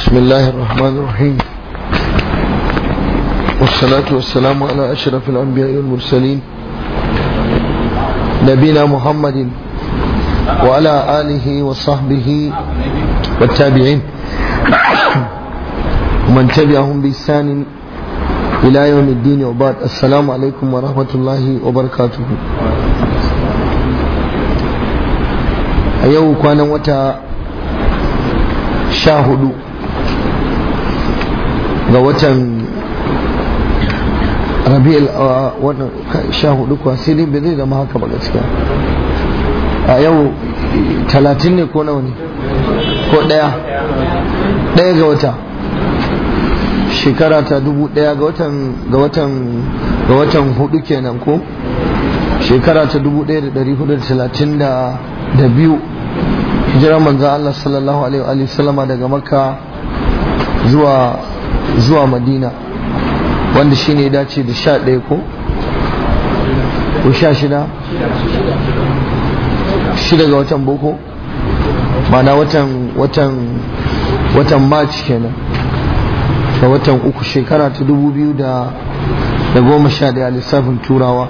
بسم الله الرحمن الرحيم والصلاة والسلام على أشرف الأنبياء والمرسلين نبينا محمد وعلى آله وصحبه والتابعين ومن تبعهم بإحسان إلى يوم الدين وبعد السلام عليكم ورحمة الله وبركاته أيوه كان وتا شاهدوا ga watan rabi'il uh, wannan sha hudu kuwa sai bai zai zama haka ba gaskiya a yau talatin ne ko nawa ne ko daya daya ga wata shekara ta dubu daya ga watan ga watan ga watan hudu kenan ko shekara ta dubu daya da dari hudu da talatin da biyu hijirar manzan Allah sallallahu alaihi wa sallama daga makka zuwa zuwa madina wanda shi ne dace da sha ɗaya ko? ko sha shida? shida ga watan boko? mana watan watan watan march kenan da watan uku shekara ta dubu biyu da goma sha ɗaya lissafin turawa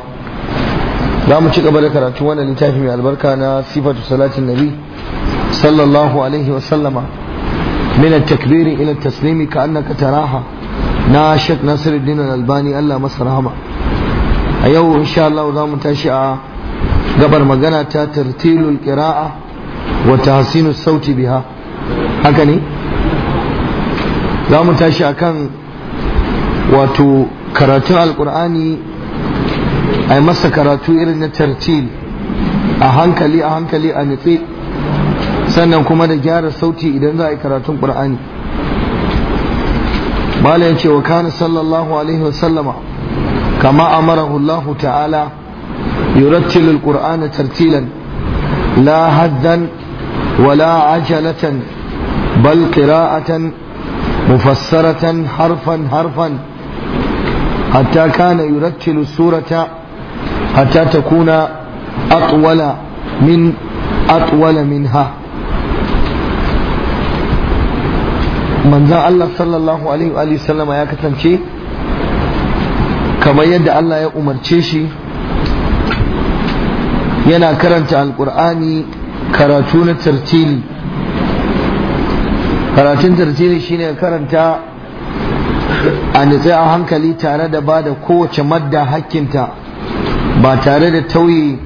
za mu ci gaba da karatu wannan littafi mai albarka na sifatu salatin nabi sallallahu alaihi wasallama من التكبير إلى التسليم كأنك تراها ناشط نصر الدين الألباني الله مصر هما أيوه إن شاء الله ذا متاشعة قبر مغنى ترتيل القراءة وتحسين الصوت بها هكذا ذا متاشعة كان وتو karatun alkur'ani a yi masa karatu irin na tartil a hankali a hankali a nutse sannan kuma da gyara sauti idan za a yi karatun ƙur'ani malam ce wa kana sallallahu alaihi wasallama kama amarahu ta'ala yurattilu alqur'ana tartilan la haddan wala ajalatan bal qira'atan mufassaratan harfan harfan hatta kana yurattilu surata hatta takuna atwala min atwala minha manzan Allah sallallahu alaihi wa sallama ya kasance kamar yadda Allah ya umarce shi yana karanta alkur'ani karatu na tartili karatun tartili shine karanta a nitsi a hankali tare da ba da kowace madda hakkinta ba tare da tauye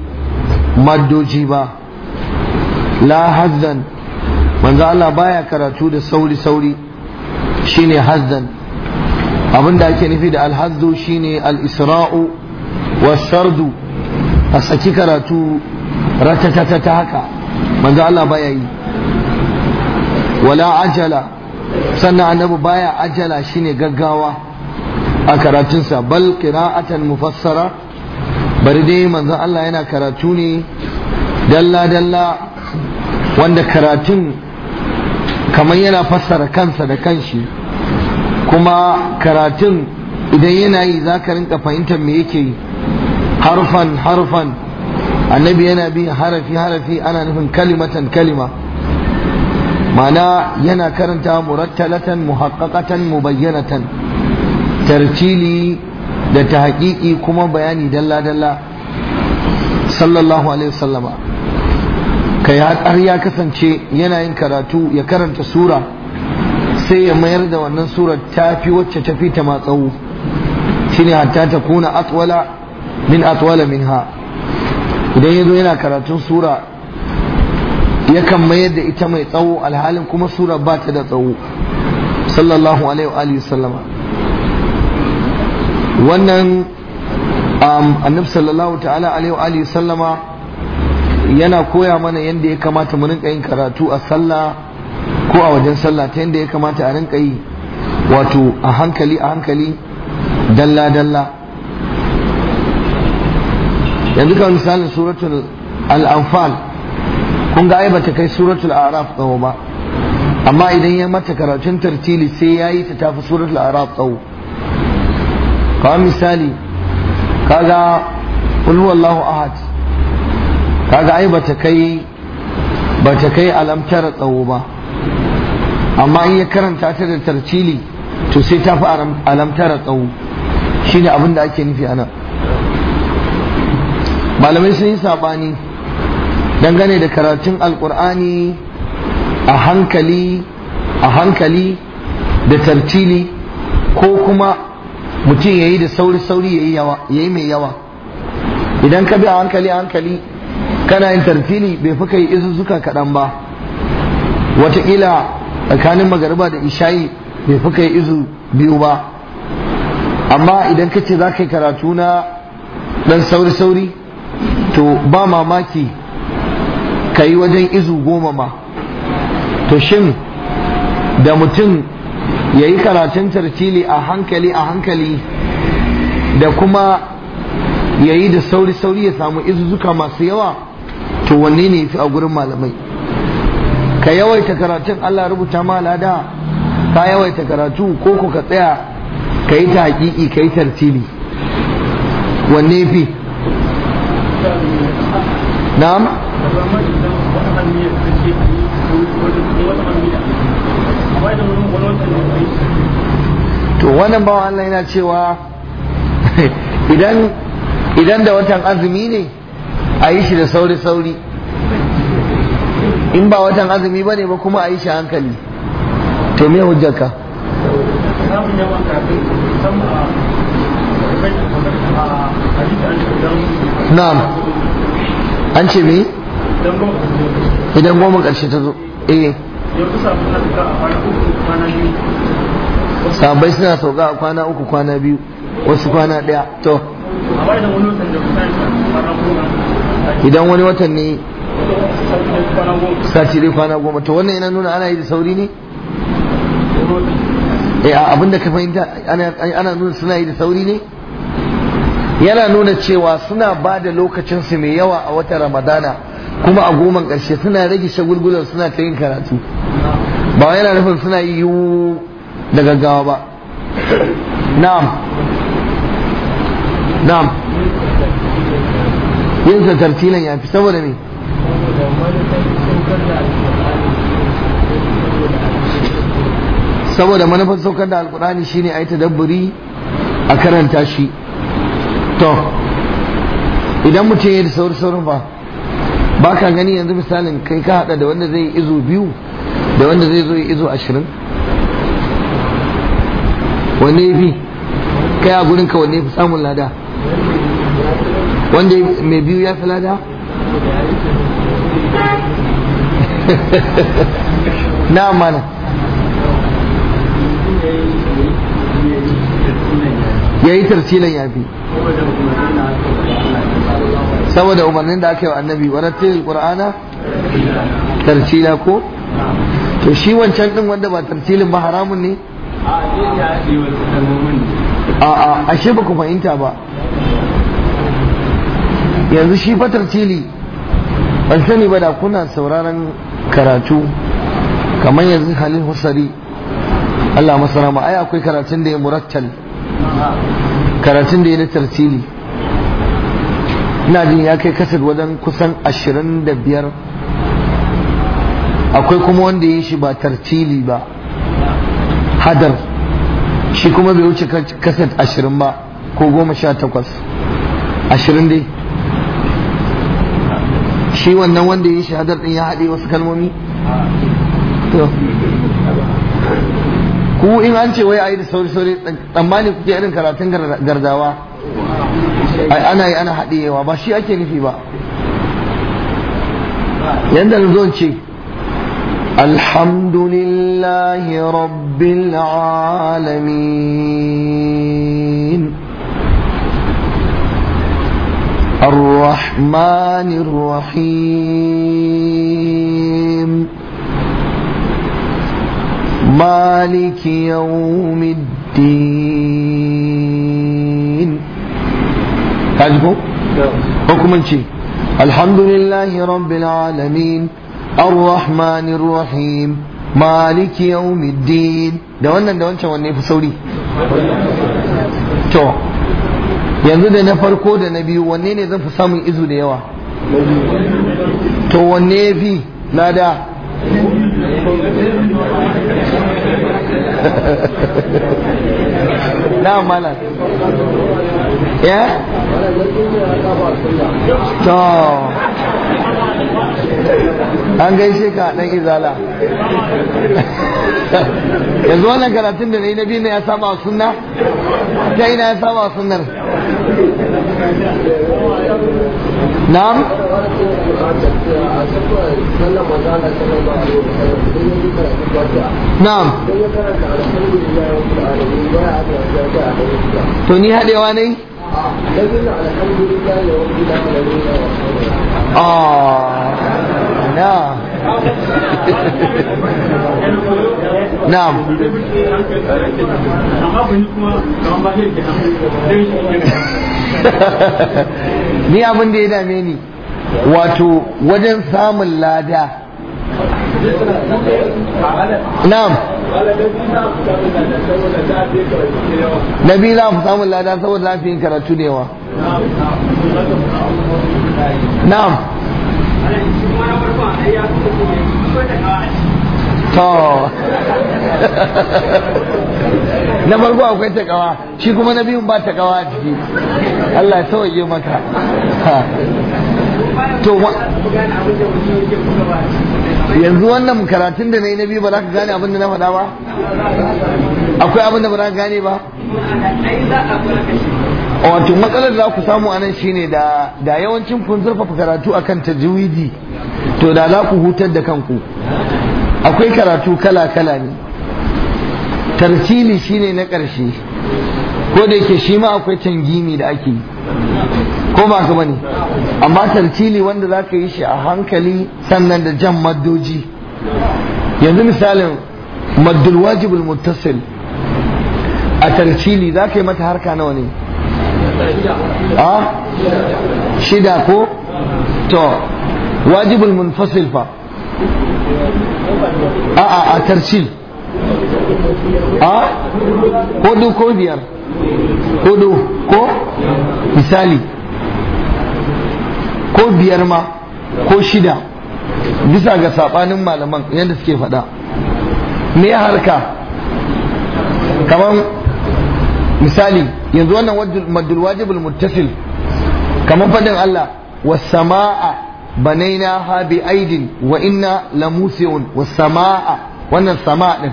maddoji ba la hazan manzo Allah baya karatu da sauri sauri shine hazdan abin da ake nufi da alhazdu shine al-isra'u sardu a saki karatu ratatata ta haka manzo Allah baya yi wala ajala sannan annabi baya ajala shine gaggawa a karatunsa bal qira'atan mufassara bari dai manzo Allah yana karatu ne dalla dalla wanda karatun kamar yana fassara kansa da kanshi kuma karatun idan yana yi za ka rinka fahimtar me yake yi harfan harfan annabi yana bi harafi harafi ana nufin kalimatan kalima ma'ana yana karanta murattalatan muhaqqaqatan mubayyanatan tartili da tahqiqi kuma bayani dalla dalla sallallahu alaihi wasallama kai har ya kasance yanayin karatu ya karanta sura sai ya mayar da wannan surar tafi wacce tafi ta matsawo shine hatta ta kuna atwala min atwala min ha idan yazo yana karatun sura ya kan mayar da ita mai tsawo alhalin kuma sura ba ta da tsawo sallallahu alaihi wa alihi sallama wannan annabi sallallahu ta'ala alaihi wa alihi sallama yana koya mana yadda ya kamata mu rinka yin karatu a sallah ko a wajen sallah ta yadda ya kamata a rinka yi wato a hankali a hankali dalla dalla yanzu kawai misalin suratul al-anfal kun ga ai bata kai suratul araf tsawo ba amma idan ya mata karatun tartili sai ya yi ta tafi suratul araf tsawo kawai misali kaga ulwallahu ahad kaga ai ta kai ta kai alamtar tsawo ba amma in ya karanta ta da tarcili to sai ta fi alamtar tsawo shine abin da ake nufi ana malamai sun yi sabani dangane da karatun alkur'ani a hankali a hankali da tarcili ko kuma mutum ya yi da sauri-sauri ya yi mai yawa idan ka bi a hankali hankali kana yin tartili bai fi kai suka kaɗan ba wataƙila tsakanin magariba da ishayi bai fi kai izu biyu ba amma idan ka ce za ka yi karatu na ɗan sauri-sauri to ba mamaki ka yi wajen izu goma ma to shin da mutum ya yi karatun tartili a hankali a hankali da kuma ya yi da sauri-sauri ya samu izuzuka masu yawa to wanne ne fi a gurin malamai ka yawaita karatun Allah rubuta ma lada ka yawaita karatu ko ku ka tsaya ka yi ta hakiki ka yi tartili wanne fi na'am wannan bawa Allah yana cewa idan da watan azumi ne a yi shi da sauri-sauri in ba watan azumi ba ne ba kuma a yi shi hankali to me hujjarka na'am an ce me idan goma karshe ta zo eh sabai suna sauka a kwana uku kwana biyu wasu kwana ɗaya to idan wani watan ne sati dai kwana goma to wannan yana nuna ana yi da sauri ne eh abinda ka fahimta ana nuna suna yi da sauri ne yana nuna cewa suna ba da lokacinsu mai yawa a watan ramadana kuma a goman karshe suna rage shagulgulan suna ta yin karatu ba yana nufin suna yi yiwu da gaggawa ba na'am na'am yin sa tartilan ya fi saboda me saboda manufar saukar da alkurani shine a yi tadabburi a karanta shi to idan mutum ya da sauri saurin ba ba ka gani yanzu misalin kai ka hada da wanda zai izo biyu da wanda zai zo yi izo ashirin wanne ya fi kai a gurin ka wanne ya fi samun lada wanda mai biyu ya fi lada na mana ya yi tarsilan ya fi saboda umarnin da aka yi wa annabi wa rattilil qur'ana tarsila ko to shi wancan din wanda ba tarsilin ba haramun ne a a ashe ba ku fahimta ba yanzu shi fatar tili ban sani ba da kuna sauraron karatu kamar yanzu halin husari Allah masana ma ai akwai karatun da ya murattal karatun da ya na tartili ina jin ya kai kasar wajen kusan ashirin da biyar akwai kuma wanda ya shi ba tartili ba hadar shi kuma bai wuce kasar ashirin ba ko goma sha takwas ashirin dai shi wannan wanda ya yi shahadar ɗin ya haɗe wasu kalmomi ku in an ce wai a yi da sauri sauri tsammani kuke irin karatun gardawa ana yi ana haɗewa ba shi ake nufi ba yadda na zon ce alhamdulillahi rabbil alamin الرحمن الرحيم مالك يوم الدين هاجبو حكم شيء الحمد لله رب العالمين الرحمن الرحيم مالك يوم الدين ده wannan da wancan wanne fi sauri to yanzu da na farko da na biyu wanne ne zan fi samun izu da yawa to wanne ya fi na da na mana ya to an gaishe ka dan izala yanzu wannan karatun da na yi na biyu na ya saba sunna ta ina ya saba sunnar na'am na'am to ni hadewa ne ah, ah. نعم نعم ni abin da ya dame ni wato wajen samun lada na'am za mu samun lada saboda lafiyin karatu da yawa na'am to na farko akwai takawa shi kuma na biyun ba takawa a jiki. Allah ya sauye maka to yanzu wannan karatun da na yi na biyu ba za ka gane abin da na faɗa ba akwai abin da ba za ka gane ba wato matsalar da za ku samu a nan shine da yawancin kun zurfafa karatu akan tajwidi to da za ku hutar da kanku akwai karatu kala-kala ne tartili shine na ƙarshe ko da yake shi ma akwai tangimi da ake ko ba ka bane amma tartili wanda za ka yi shi a hankali sannan da jan maddoji yanzu misalin maddul wajibul muttasil a tartili za ka yi mata harka nawa ne a shida ko to wajibul munfasil fa a a tartil a ko biyar hudu ko misali ko biyar ma ko shida bisa ga saɓanin malaman yadda suke faɗa me harka kamar misali yanzu wannan maddul wajibul muttasil kamar faɗin Allah was sama'a banainaha bi aidin wa inna lamusiun was samaa wannan samaa din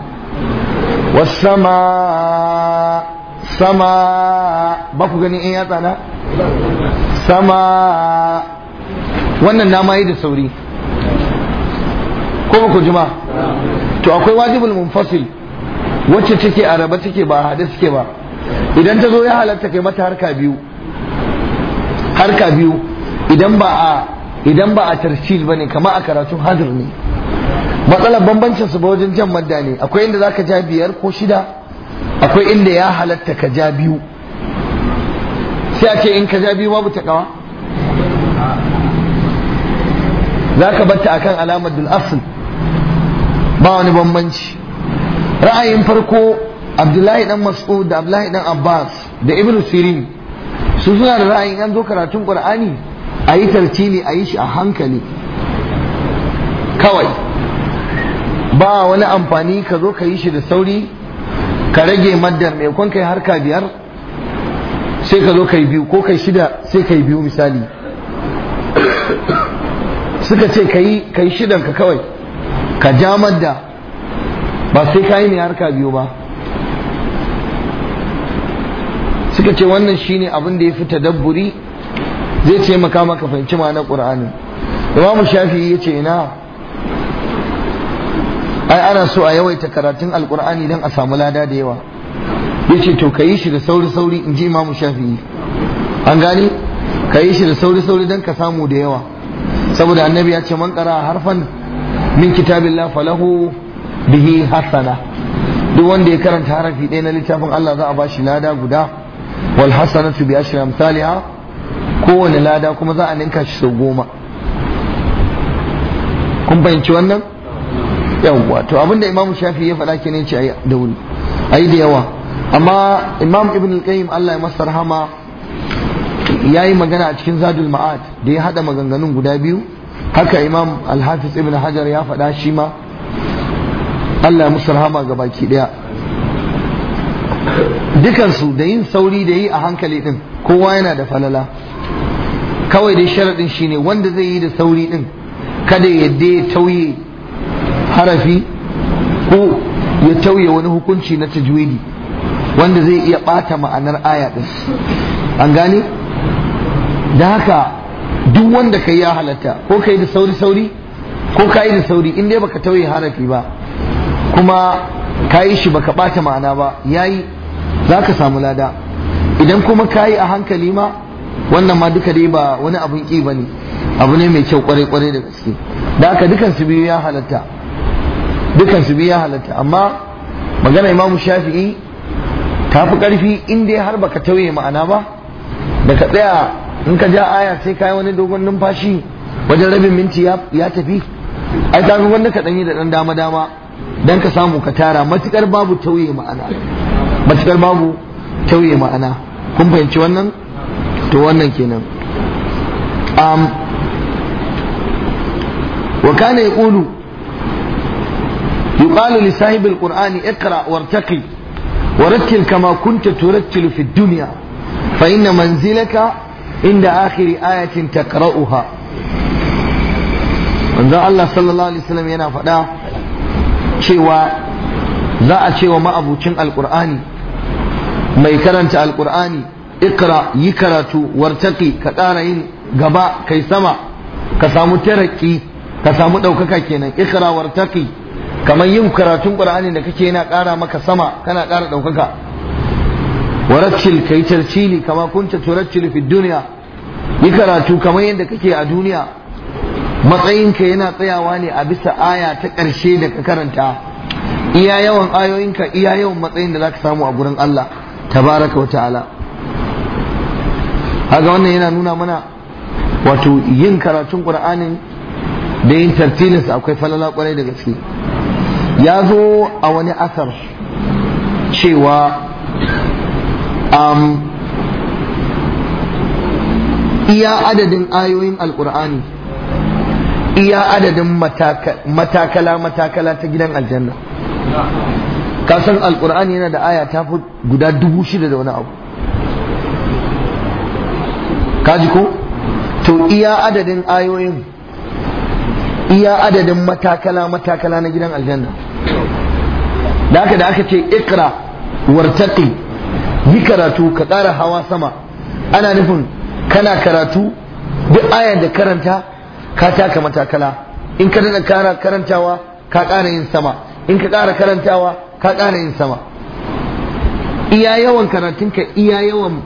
was samaa. Samaa. ba ku gani in ya na Samaa. wannan na ma yi da sauri ko ba ku jima to akwai wajibul munfasil wacce take a raba take ba hade suke ba idan ta zo ya halatta kai mata harka biyu harka biyu idan ba a idan ba a ba bane kama a karatun hadir ne matsalar bambancin su ba wajen jan madda ne akwai inda za ka ja biyar ko shida akwai inda ya halatta ka ja biyu sai a ce in ka ja biyu babu Za ka batta akan alamar dul asl ba wani bambanci ra'ayin farko abdullahi dan mas'ud da abdullahi dan abbas da ibn sirin su suna da ra'ayin an zo karatun qur'ani a yi tartili a yi shi a hankali kawai ba wani amfani ka zo ka yi shi da sauri ka rage maddar mai kwan kai harka biyar sai ka zo ka yi biyu ko kai shida sai ka yi biyu misali suka ce yi shidan ka kawai ka ja madda ba sai ka yi mai harka biyu ba suka ce wannan shine abin da ya fi tadabburi zai taimaka maka fahimci ma ma'anar qur'anin imam ya ce ina ai ana so a yawaita karatun alqur'ani don a samu lada da yawa ya ce to ka yi shi da sauri sauri in ji imam shafi'i an gani yi shi da sauri sauri don ka samu da yawa saboda annabi ya ce man a harfan min kitabin falahu bihi hasana duk wanda ya karanta harafi ɗaya na littafin Allah za a bashi lada guda wal hasanatu bi ashri amsalha kowane lada kuma za a ninka shi sau goma kun fahimci wannan yawwa to abinda imam shafi ya faɗa kenan ce da da a ayi da yawa amma imam ibn al-qayyim Allah ya masa rahama yi magana a cikin zadul ma'ad da ya haɗa maganganun guda biyu haka imam al-hafiz ibn hajar ya faɗa shi ma Allah ya masa rahama ga baki daya dukansu da yin sauri da yi a hankali din kowa yana da falala kawai dai sharaɗin shi ne wanda zai yi da sauri din kada ya ya tauye harafi ko ya tauye wani hukunci na tajwidi wanda zai iya ɓata ma'anar aya ɗin an gane da haka duk wanda ka yi ya halatta ko ka yi da sauri sauri ko ka yi da sauri in dai baka tauye harafi ba kuma ka yi shi baka ɓata ma'ana ba yayi za ka samu lada idan kuma ka yi a hankali ma wannan ma duka dai ba wani abun ƙi ba ne abu ne mai kyau kwarai kwarai da gaske da haka dukan su biyu ya halatta dukan biyu ya halatta amma magana imamu shafi'i ta fi ƙarfi in dai har baka tauye ma'ana ba da ka tsaya in ka ja aya sai ka yi wani dogon numfashi wajen rabin minti ya tafi ai ta wanda ka ɗanyi da ɗan dama dama don ka samu ka tara matuƙar babu tauye ma'ana matukar babu tauye ma'ana kun fahimci wannan to wannan kenan um, wa kana yaqulu yuqalu li sahibi alqur'ani iqra wartaqi ورتل كما كنت ترتل في الدنيا فإن منزلك عند آخر آية تقرأها manzon Allah sallallahu alaihi wasallam yana faɗa cewa za a cewa ma'abucin alkur'ani mai karanta alkur'ani ikra yi karatu wartaki ka ƙara yin gaba kai sama ka samu taraki ka samu ɗaukaka kenan ikra wartaki kamar yin karatun ƙur'ani da kake yana ƙara maka sama kana ƙara ɗaukaka warattil kai tarcili kama kunta turattil fi duniya yi karatu kamar yadda kake a duniya matsayinka yana tsayawa ne a bisa aya ta ƙarshe da ka karanta iya yawan ayoyinka iya yawan matsayin da za ka samu a gurin Allah tabaraka wa ta'ala haka wannan yana nuna mana wato yin karatun qur'anin da yin tartilinsa akwai falala kwarai da gaske ya zo a wani asar cewa um, iya adadin ayoyin alƙur'ani iya adadin matakala matakala ta gidan aljanna kasan san alkur'ani yana da aya ta fi guda dubu shida da wani abu kaji ko to iya adadin ayoyin iya adadin matakala matakala na gidan aljanna da aka da aka ce ikra wartaki, yi karatu ka ƙara hawa sama ana nufin kana karatu duk ayan da karanta ka taka matakala in ka daɗa karantawa ka ƙara yin sama in ka ƙara karantawa ka ƙara yin sama iya yawan ka iya yawan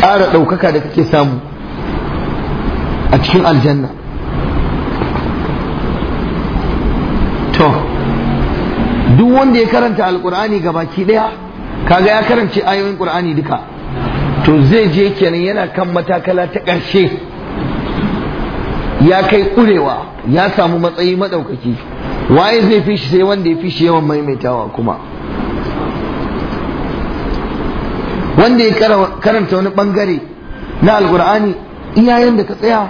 ƙara ɗaukaka da kake samu a cikin aljanna to duk wanda ya karanta alƙur'ani ga baki ɗaya kaga ya karance ayoyin ƙur'ani duka to zai je kenan yana kan matakala ta ƙarshe ya kai ƙurewa ya samu matsayi maɗaukaki, waye zai fi shi sai wanda ya fi shi yawan maimaitawa kuma wanda ya karanta wani bangare na alkur'ani iyayen da ka tsaya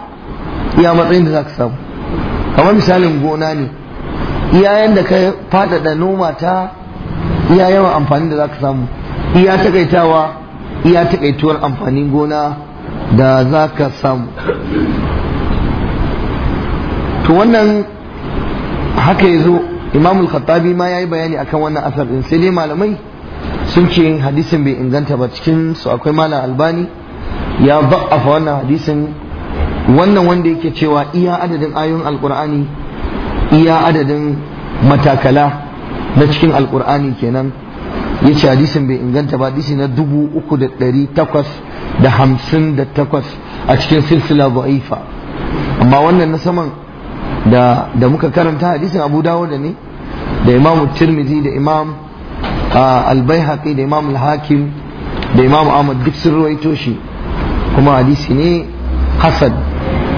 iya matsayin da za ka samu kamar misalin gona ne iyayen da ka faɗaɗa noma ta iya yawan amfani da za ka samu iya takaitawa iya takaituwar amfanin gona da za ka samu to wannan haka ya zo imamul khattabi ma ya yi bayani akan wannan asar din sai dai malamai sun ce hadisin bai inganta ba cikin su akwai mala albani ya ba'afa wannan hadisin wannan wanda yake cewa iya adadin ayoyin alkur'ani iya adadin matakala na cikin alkur'ani kenan ya ce hadisin bai inganta ba hadisi na dubu uku da ɗari takwas da hamsin da takwas a cikin silsila ba'ifa amma wannan na saman da da muka karanta hadisin Abu Dawud ne da Imam Tirmidhi da Imam Al-Baihaqi da Imam Al-Hakim da Imam Ahmad duk sun ruwaito shi kuma hadisi ne hasan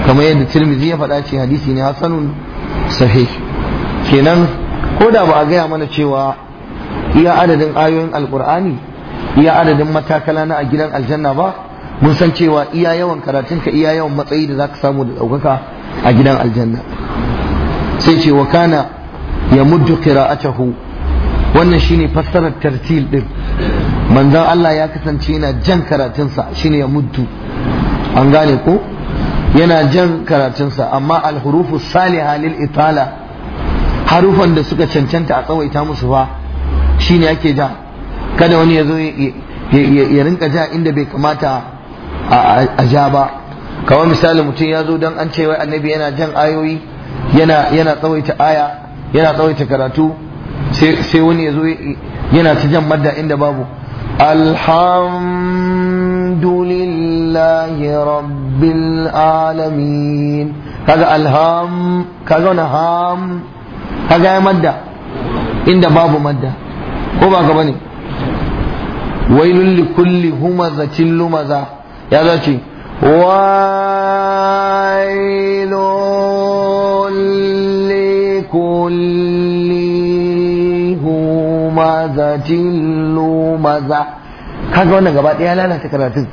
kamar yadda Tirmidhi ya faɗa ce hadisi ne hasanun sahih kenan ko da ba a gaya mana cewa iya adadin ayoyin alkur'ani iya adadin matakala na a gidan aljanna ba mun san cewa iya yawan karatunka iya yawan matsayi da zaka samu da ɗaukaka a gidan aljanna sai ce wa kana ya muddu qira'atahu wannan shine fassarar tartil din manzon Allah ya kasance yana jan karatun sa shine ya muddu an gane ko yana jan karatun sa amma alhurufu salihah lil itala harufan da suka cancanta a tsawaita musu fa shine ake ja kada wani ya zo ya rinka ja inda bai kamata a ja ba kamar misali mutum ya zo don an ce wai annabi yana jan ayoyi yana yana tsawaita aya yana tsawaita karatu sai wani ya zo yana ta jan madda inda babu alhamdulillahi rabbil alamin kaga alham kaga wani ham kaga ya madda inda babu madda ko ba ka bane wailul likulli humazatin lumaza ya zace ويل لكل همزة لمزة kaga wannan gaba ɗaya lalata karatun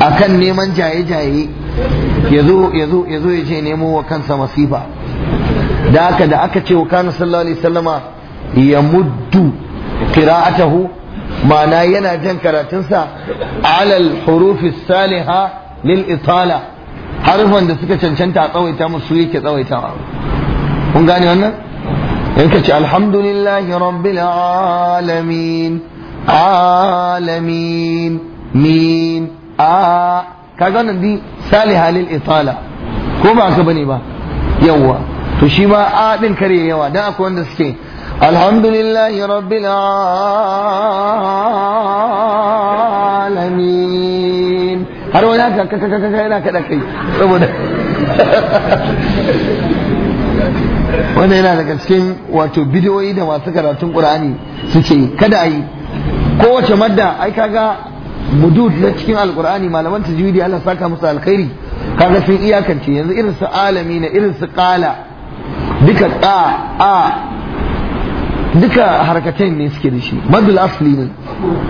akan neman jaye-jaye ya zo ya ce nemo wa kansa masifa da aka da aka ce wa kana sallallahu alaihi sallama ya muddu qira'atahu ma'ana yana jan karatunsa alal hurufis saliha lil itala harufan da suka cancanta a tsawaita musu yake tsawaita kun gane wannan yanka ce alhamdulillahi rabbil alamin alamin min a ka wannan di saliha lil itala ko ba ka bane ba yawa to shi ma a din kare yawa dan akwai wanda suke alhamdulillahi rabbil alamin ka kaka yana kada kai saboda wanda yana daga cikin wato bidiyoyi da masu karatun qur'ani suke kada a yi kowace madda ai kaga mudud na cikin alqur'ani malaman ta tajwidi Allah saka musu alkhairi kaga sun iyakance yanzu irin su alami na irin su kala duka a duka harkatain ne suke da shi madul asli ne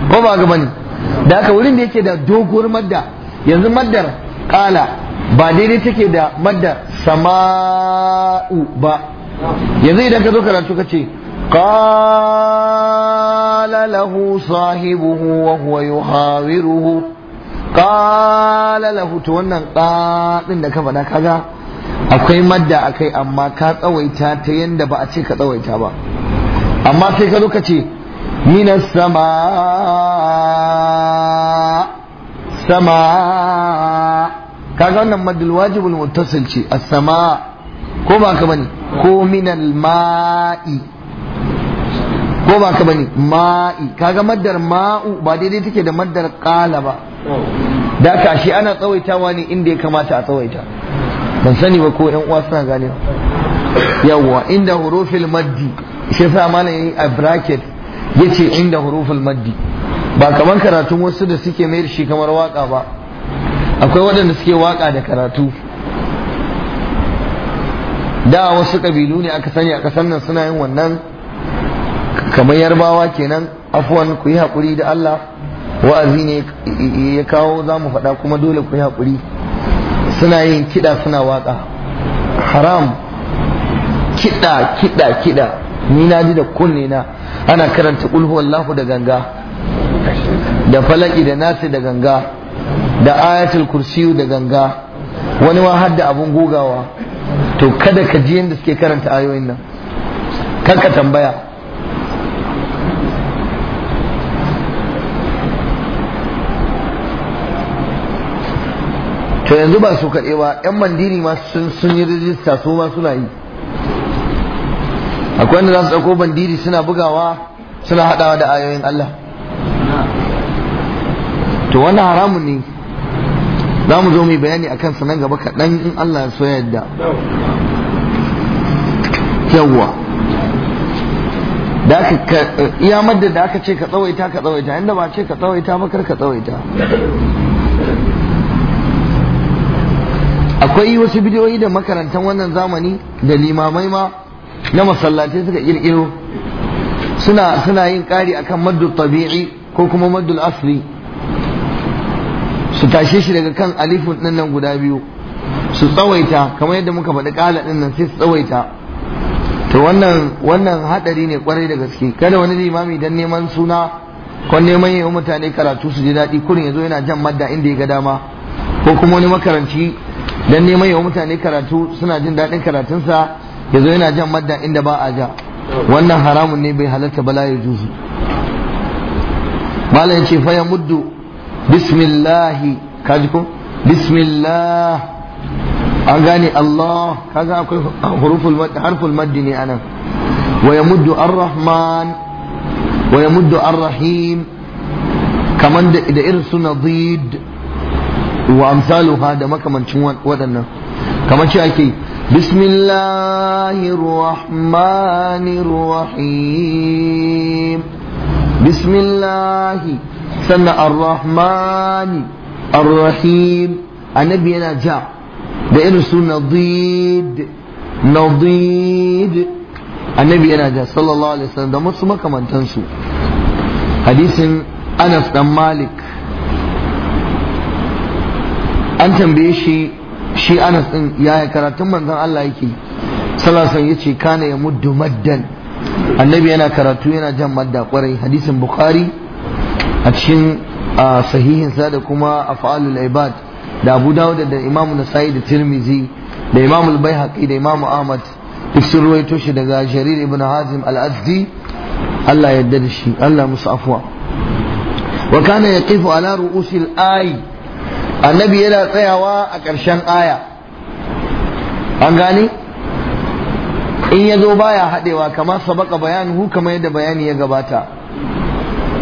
ba ba ga bane da aka wurin da yake da doguwar madda yanzu maddar ƙala ba daidai take da maddar sama'u ba yanzu idan ka zo karatu ka ce sahibuhu wa huwa yuhawiruhu kala lahu to wannan ɗaɗin da ka faɗa kaga akwai madda akai amma ka tsawaita ta yanda ba a ce ka tsawaita ba amma sai ka zo ka ce minas sama'a السماء كذا kaga wannan madul wajibul السماء كما كمان ko ba ka bane ko min mai ko ba ka bane ma'i kaga maddar ma'u ba daidai take da maddar ƙala ba da ka shi ana tsawaitawa ne inda ya kamata a tsawaita ban sani ba ko yan uwa suna gane yawwa inda hurufil maddi shi sa yi a bracket yace inda hurufil maddi ba kamar karatun wasu da suke mayar shi kamar waka ba akwai waɗanda suke waka da karatu da wasu ƙabilu ne aka sani a ƙasar nan suna yin wannan kamar yarbawa kenan afuwan ku yi haƙuri da Allah wa'azi ne ya kawo za mu faɗa kuma dole ku yi haƙuri suna yin kiɗa suna waƙa haram kiɗa kiɗa kiɗa ni na ji da kunne na ana karanta ƙulhu wallahu da ganga da falaki da nasi da ganga da ayatul kursiyu da ganga wani ma har da abun gogawa to kada ka ji yadda suke karanta ayoyin nan kan ka tambaya to yanzu ba su kaɗe ba 'yan mandiri ma sun yi rijista su ma suna yi akwai wanda za su ɗauko bandiri suna bugawa suna haɗawa da ayoyin Allah to wani haramun ne za mu zo mai bayani a kansa nan gaba kaɗan in Allah ya so yadda yawwa da aka iya madda da aka ce ka tsawaita ka tsawaita inda ba ce ka tsawaita ba kar ka tsawaita akwai wasu bidiyoyi da makarantar wannan zamani da limamai ma na masallatai suka kirkiro suna suna yin kari akan maddu tabi'i ko kuma maddu asli su tashe shi daga kan alifun ɗin nan guda biyu su tsawaita kamar yadda muka faɗi ƙala ɗin nan sai su tsawaita to wannan wannan haɗari ne kwarai da gaske kada wani limami dan neman suna ko neman yi mutane karatu su ji daɗi kurin ya zo yana jan madda inda ya ga dama ko kuma wani makaranci dan neman yi mutane karatu suna jin daɗin karatunsa ya zo yana jan madda inda ba a ja wannan haramun ne bai halatta bala ya juzu malam ce fa ya muddu bismillahi kaji ko bismillah an gane Allah kaga akwai harful maddi ne anan wa yamuddu ar-rahman wa yamuddu ar-rahim kaman da irin su nadid wa amsaluha da makamancin waɗannan kamar shi ake bismillahir rahmanir rahim bismillahi sannan ar-rahmani ar-rahim annabi yana ja da irin su nadid nadid annabi yana ja sallallahu alaihi wasallam da masu makamantansu hadisin Anas dan Malik an tambaye shi shi Anas din yaya karatun manzon Allah yake sallallahu alaihi wasallam yace kana ya muddu maddan annabi yana karatu yana jan madda kwarai hadisin Bukhari a cikin sa da kuma af'alul ibad da Abu Dawud da Imam Nasa'i da Tirmizi da Imam Al-Baihaqi da Imam Ahmad duk sun ruwaito shi daga Jarir ibn Hazim Al-Azdi Allah ya yarda da shi Allah musu afwa wa kana yaqifu ala ru'usil ay annabi yana tsayawa a ƙarshen aya an gane in ya zo baya haɗewa kamar sabaka bayanu kamar yadda bayani ya gabata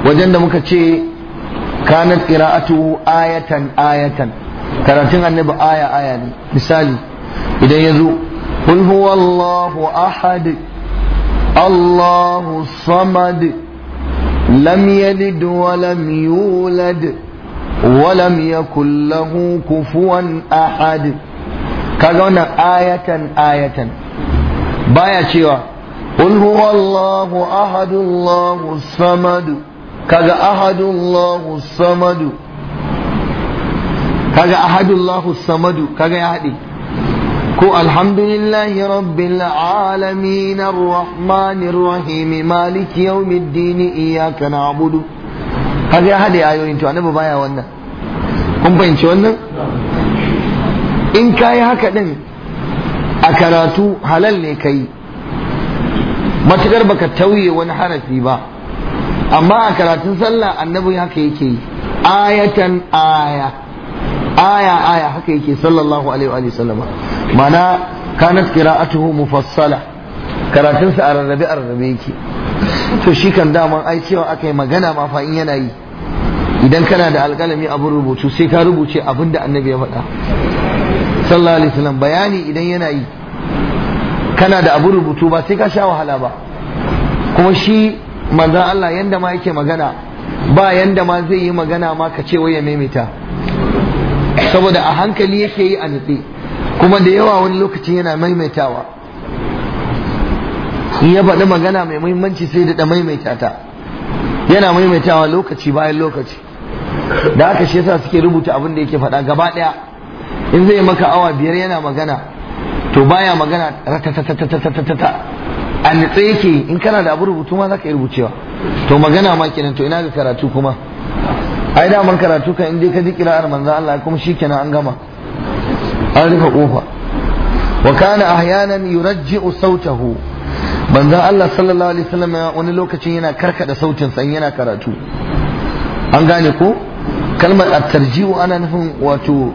wajen da muka ce kanat qira'atu ayatan ayatan karatun annabi aya aya ne misali idan yazo zo qul huwallahu ahad allahu samad lam yalid wa lam yulad wa lam yakul lahu kufuwan ahad kaga wannan ayatan ayatan baya cewa qul huwallahu ahad allahu samad kaga ahadullahu samadu kaga ahadullahu samadu kaga ya haɗe ko alhamdulillahi rabbil alamin arrahmanir rahim maliki yawmiddin iyyaka na'budu kaga ya haɗe ayoyin to annabi baya wannan kun fahimci wannan in kai haka din a karatu halal ne kai matukar baka tauye wani harafi ba amma a karatun sallah annabi haka yake yi ayatan aya aya aya haka yake sallallahu alaihi wa sallam mana kanat qira'atuhu mufassala karatun sa arrabe arrabe yake to shi kan daman ai cewa aka yi magana ma fa in yana yi idan kana da alƙalami abin rubutu sai ka rubuce abin da annabi ya faɗa sallallahu alaihi wasallam bayani idan yana yi kana da abin rubutu ba sai ka sha wahala ba kuma shi manzan Allah yanda ma yake magana ba yanda ma zai yi magana ma ka ce wai ya maimaita saboda a hankali yake yi a nutse kuma da yawa wani lokaci yana maimaitawa in ya faɗi magana mai muhimmanci sai da maimaita ta yana maimaitawa lokaci bayan lokaci da aka shi yasa suke rubuta abin da yake faɗa gaba ɗaya in zai maka awa biyar yana magana to baya magana ratatatatatata. a nitsa yake in kana da abu rubutu ma za ka yi rubucewa to magana ma kenan to ina ga karatu kuma ai da man karatu kan inda ka ji kira'ar manzan Allah kuma kenan an gama an rufe kofa wa kana ahyanan yurajji'u sautahu manzan Allah sallallahu alaihi wasallam wani lokacin yana karkada sautin san yana karatu an gane ko kalmar at-tarji'u ana nufin wato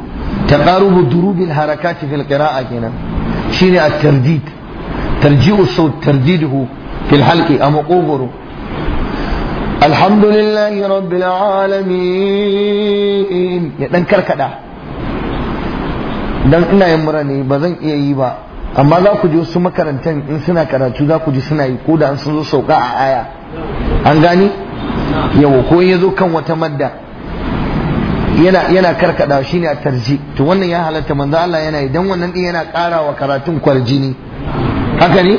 taqarubu durubil harakati fil qira'a kenan shine at-tardid ترجيع الصوت ترديده في الحلق أم قبره الحمد لله رب العالمين dan karkada dan ina yin mura ne ba zan iya yi ba amma za ku ji wasu makarantan in suna karatu za ku ji suna yi ko da an sun zo sauka a aya an gani yawa ko ya zo kan wata madda yana yana karkada ne a tarji to wannan ya halatta manzo Allah yana idan wannan din yana karawa karatun kwarjini haka ne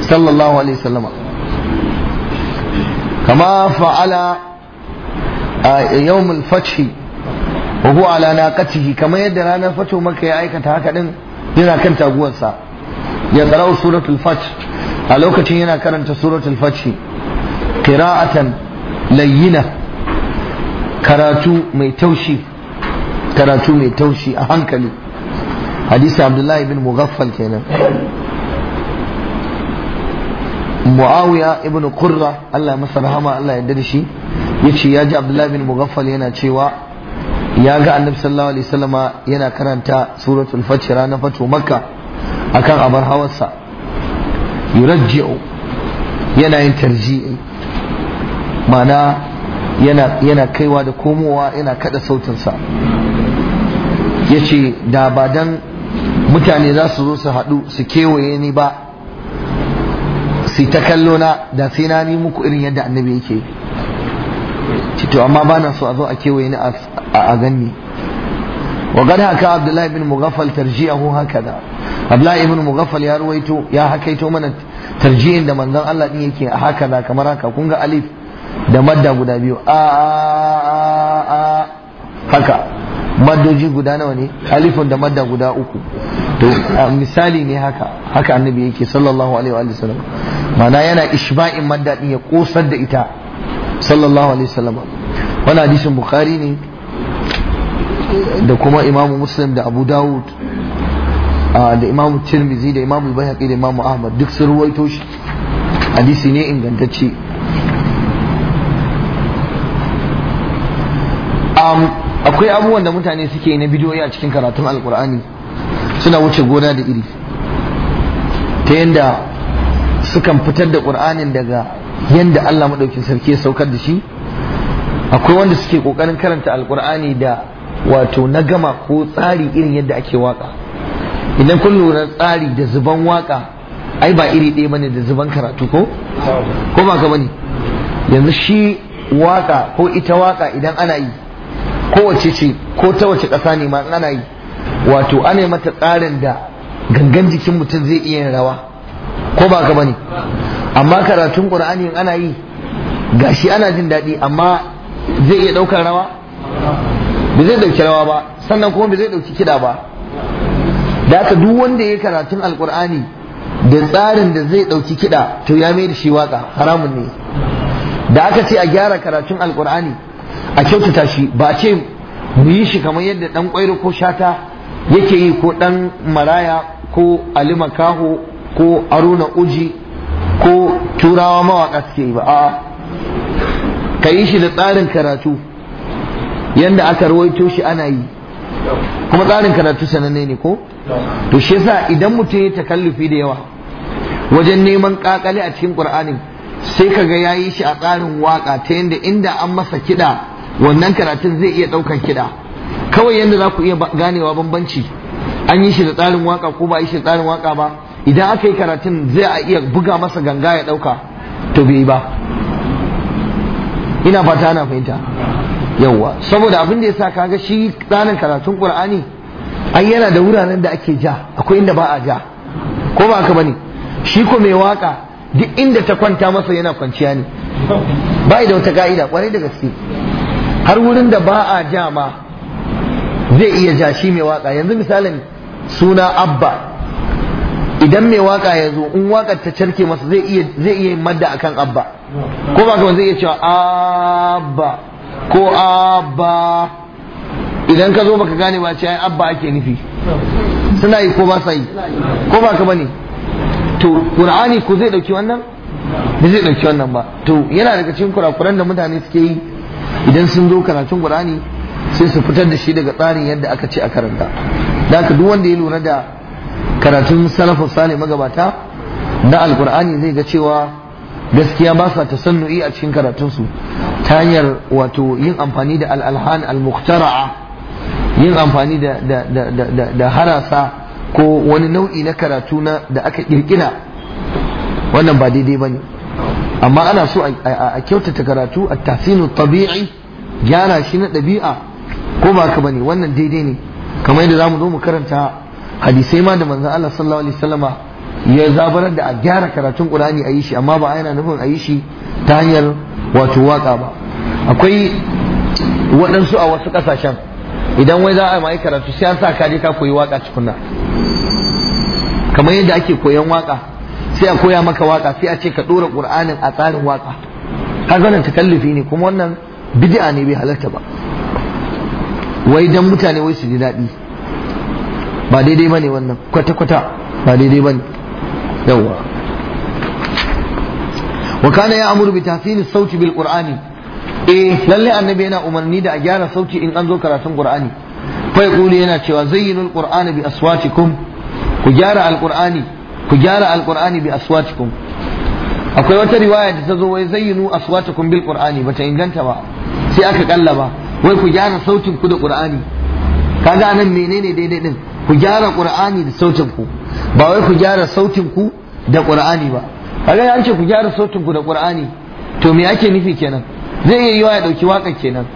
sallallahu alaihi wasallama kama fa'ala a yawmul fathi wa huwa ala naqatihi kamar yadda ranar fato maka ya aikata haka din yana kan taguwarsa ya qara'u suratul fath a lokacin yana karanta suratul fath qira'atan layyina karatu mai taushi karatu mai taushi a hankali hadisi abdullahi bin mughaffal kenan muawiya ibn qurra Allah masa rahama Allah yarda da shi yace ya ji abdullahi bin mughaffal yana cewa ya ga annabi sallallahu alaihi wasallama yana karanta suratul fath na fato makka akan abar hawarsa yurajji'u yana yin tarji'i mana yana kaiwa da komowa yana kada sa yace da ba dan mutane za su zo su haɗu su kewaye ni ba sai ta kallo na da sai na ni muku irin yadda annabi yake ci to amma bana so a zo a kewaye ni a ganni wa gada haka abdullahi ibn mughaffal tarji'ahu hakada abdullahi ibn mughaffal ya ruwaito ya hakaito mana tarji'in da manzon Allah din yake a hakada kamar haka kun ga alif da madda guda biyu a a haka maddoji guda nawa ne alifun da madda guda uku to misali ne haka haka annabi yake sallallahu alaihi wa sallam mana yana ishba'in man daɗi ya ƙosar da ita sallallahu alaihi wasallam wani hadisin bukhari ne da kuma imamu muslim da abu dawud da imamu tirmizi da imamu bayhaqi da imamu ahmad duk sun ruwaito shi hadisi ne ingantacce akwai abubuwan da mutane suke na bidiyoyi a cikin karatun alkur'ani suna wuce gona da iri ta yadda sukan fitar da ƙur'anin daga yadda Allah maɗaukin sarki ya saukar da shi akwai wanda suke ƙoƙarin karanta alƙur'ani da wato na gama ko tsari irin yadda ake waka idan kun lura tsari da zuban waka ai ba iri ɗaya bane da zuban karatu ko ko ba ka bane yanzu shi waka ko ita waka idan ana yi ko wace ce ko ta wace ƙasa ne ma ana yi wato ana yi mata tsarin da gangan jikin mutum zai iya yin rawa ko ba ka bane amma karatun qur'ani ana yi gashi ana jin daɗi amma zai iya ɗaukar rawa ba zai ɗauki rawa ba sannan kuma ba zai ɗauki kiɗa ba da haka duk wanda ya karatun alkur'ani da tsarin da zai ɗauki kiɗa to ya mai da shi waka haramun ne da aka ce a gyara karatun alkur'ani a kyautata shi ba ce mu yi shi kamar yadda ɗan kwairo ko shata yake yi ko ɗan maraya ko alimakaho ko aruna uji ko turawa mawaƙa suke ba a ka yi shi da tsarin karatu yadda aka rawaito shi ana yi kuma tsarin karatu sananne ne ko to shi yasa idan mutum ya takallufi da yawa wajen neman kakali a cikin qur'anin sai ka ga yayi shi a tsarin waka ta yadda inda an masa kida wannan karatun zai iya daukan kida kawai yadda za ku iya ganewa bambanci an yi shi da tsarin waka ko ba yi shi da tsarin waka ba idan aka yi karatun zai a iya buga masa ganga ya ɗauka to bai ba ina fata ana fahimta yawwa saboda abin da ya sa kaga shi tsanin karatun qur'ani ai yana da wuraren da ake ja akwai inda ba a ja ko ba ka bane shi ko mai waka duk inda ta kwanta masa yana kwanciya ne ba da wata ka'ida kwarai da gaske har wurin da ba a ja ma zai iya ja shi mai waka yanzu misalin suna abba idan mai waka ya zo in wakar ta carke masa zai iya zai iya madda akan abba ko ba ka zai iya cewa abba ko abba idan ka zo baka gane ba ce ai abba ake nufi suna yi ko ba sa yi ko ba ka bane to qur'ani ko zai dauki wannan ba zai dauki wannan ba to yana daga cikin kurakuran da mutane suke yi idan sun zo karatun qur'ani sai su fitar da shi daga tsarin yadda aka ce a karanta da haka duk wanda ya lura da karatun salafus salih magabata na alkur'ani zai ga cewa gaskiya ba sa tasannu'i a cikin karatunsu ta hanyar wato yin amfani da al'alhan al-muqtara'a yin amfani da harasa ko wani nau'i na karatu da aka kirkira wannan ba daidai bane amma ana so a kyautata karatu a tasinu tabi'i gyara shi na ɗabi'a ko ba ka bane wannan daidai ne kamar yadda zamu zo mu karanta hadisai ma da manzan Allah sallallahu alaihi wasallama ya zabarar da a gyara karatun Qur'ani a yi shi amma ba a yana nufin a yi shi ta hanyar wato waka ba akwai waɗansu a wasu ƙasashen idan wai za a ma karatu sai an sa ka je ka koyi waka tukunna kamar yadda ake koyan waka sai a koya maka waka sai a ce ka ɗora ƙur'anin a tsarin waka ka ta takallufi ne kuma wannan bid'a ne bai halarta ba wai dan mutane wai su ji daɗi ba daidai bane wannan kwata-kwata ba daidai bane yawa wa kana ya amuru bi tahsini sauti bil qur'ani eh lalle annabi yana umarni da a gyara sauti in an zo karatun qur'ani fa yaqulu yana cewa zayyinul qur'ana bi aswatikum ku gyara alqur'ani ku gyara alqur'ani bi aswatikum akwai wata riwaya da ta zo wai zayyinu aswatakum bil qur'ani bata inganta ba sai aka kallaba wai ku gyara sautin ku da qur'ani kaga anan menene daidai din ku gyara qur'ani da sautin ba wai ku gyara sautin ku da qur'ani ba kaga an ce ku gyara sautin da qur'ani to me ake nufi kenan zai iya yiwa ya dauki wakan kenan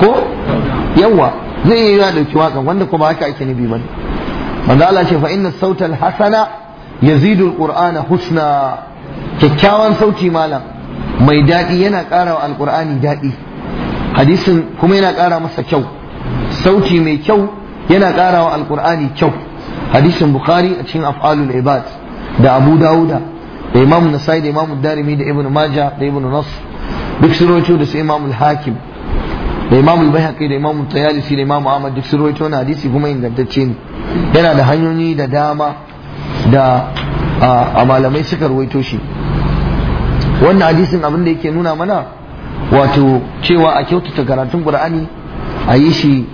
ko yawa zai iya yiwa ya dauki wakan wanda kuma haka ake nufi ba manzo Allah ce fa inna sauta al-hasana yazidu alqur'ana husna kyakkyawan sauti malam mai daɗi yana ƙara wa alƙur'ani daɗi hadisin kuma yana kara masa kyau sauti mai kyau yana karawa Alƙur'ani kyau hadisin bukhari a cikin af'alul ibad da abu dauda da imam nasai da imam darimi da ibn majah da ibn nasr duk sun rawaito da su imam hakim da imam bayhaqi da imam tayalisi da imam ahmad duk sun rawaito na hadisi kuma ingantacce ne yana da hanyoyi da dama da a malamai suka rawaito shi wannan hadisin abin da yake nuna mana wato cewa a kyautata karatun qur'ani a yi shi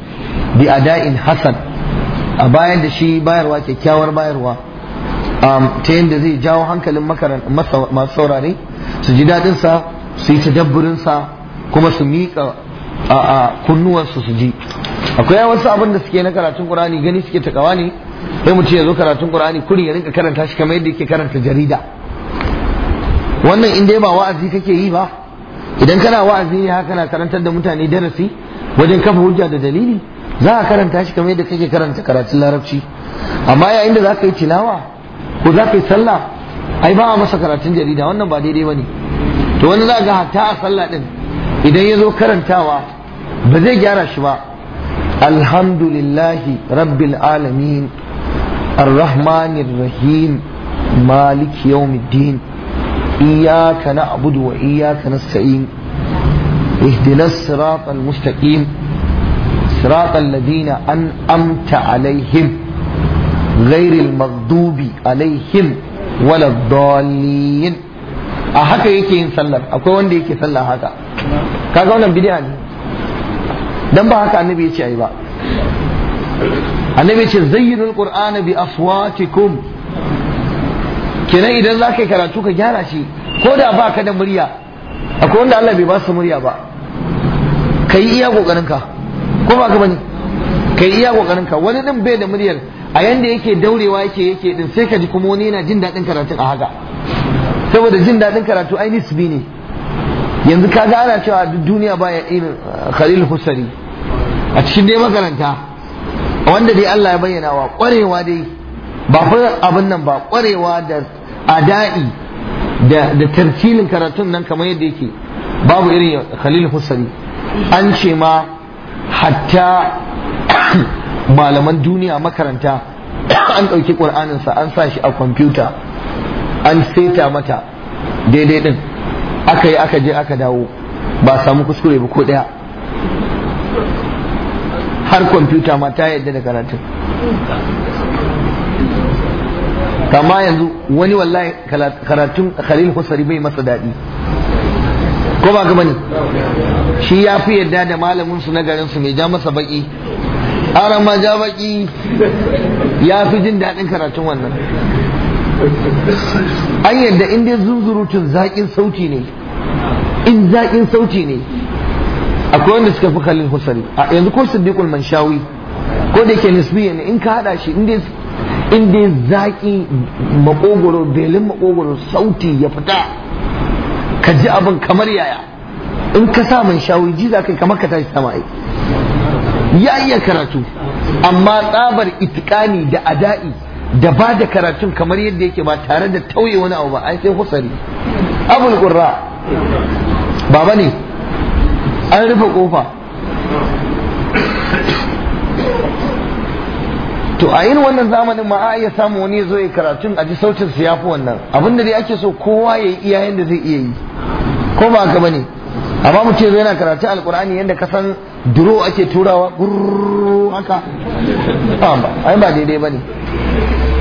bi ada'in hasan a bayar da shi bayarwa kyakkyawar bayarwa ta yadda zai jawo hankalin masu saurare su ji daɗinsa su yi tadabburinsa kuma su miƙa a kunnuwansu su ji akwai wasu abin da suke na karatun ƙur'ani gani suke takawa ne sai mutum ya zo karatun ƙur'ani kurin ya rinka karanta shi kamar yadda yake karanta jarida wannan in dai ba wa'azi kake yi ba idan kana wa'azi ne haka na karantar da mutane darasi wajen kafa hujja da dalili za a karanta shi kamar yadda kake karanta karatun larabci amma yayin da za ka yi tilawa ko za ka yi sallah ai ba a masa karatun jarida wannan ba daidai ba ne to wani za ga hatta a sallah din idan ya zo karantawa ba zai gyara shi ba alhamdulillahi rabbil alamin arrahmanir rahim malik yawmiddin iyyaka na'budu wa iyyaka nasta'in ihdinas siratal mustaqim صراط الذين أنعمت عليهم غير المغضوب عليهم ولا الضالين a haka yake yin sallar akwai wanda yake sallah haka kaga wannan bid'a ne dan ba haka annabi yace ai ba annabi yace zayyinul qur'ana bi aswatikum kenan idan zaka yi karatu ka gyara shi ko da ba ka da murya akwai wanda Allah bai ba su murya ba kai iya kokarin ka ko ba ka bane kai iya kokarin ka wani din bai da muryar a yanda yake daurewa yake yake din sai ka ji kuma wani yana jin dadin karatu a haka saboda jin dadin karatu ai nisbi ne yanzu ka ga ana cewa duniya ba ya irin uh, Khalil Husari a cikin dai makaranta wanda dai Allah ya bayyana wa kwarewa dai ba fa abin nan ba kwarewa da adai da da tartilin karatun nan kamar yadda yake babu irin Khalil Husari an ce ma hatta malaman duniya makaranta an ɗauki ƙur'aninsa an sa shi a kwamfuta an seta mata daidai ɗin aka yi aka je aka dawo ba samu kuskure ba ko ɗaya har kwamfuta ma ta yadda da karatun kama yanzu wani wallahi karatun khalil husari bai masa daɗi ko ba gaba ne shi ya fi yadda da malamin su na garin su mai ja masa baki ara ma ja baki ya fi jin daɗin karatun wannan an yadda inda zunzurutun zaƙin sauti ne in zaƙin sauti ne akwai wanda suka fi kalin husari a yanzu ko siddiqul manshawi ko da yake nisbiya ne in ka hada shi in zaƙi makogoro belin makogoro sauti ya fita ka ji abin kamar yaya in ka sa man shawiji za ka kamar ka tashi sama ya iya karatu amma tsabar itikani da ada'i da ba da karatun kamar yadda yake ba tare da tauye wani abu ba ai sai husari abul qurra baba ne an rufe kofa to a yin wannan zamanin ma a iya samu wani zo ya karatun a ji saucin su fi wannan abinda dai ake so kowa ya yi iyayen da zai iya yi ko ba haka bane amma mu ce yana karatu alkur'ani yadda ka san duro ake turawa gurru haka ai ba daidai ba ne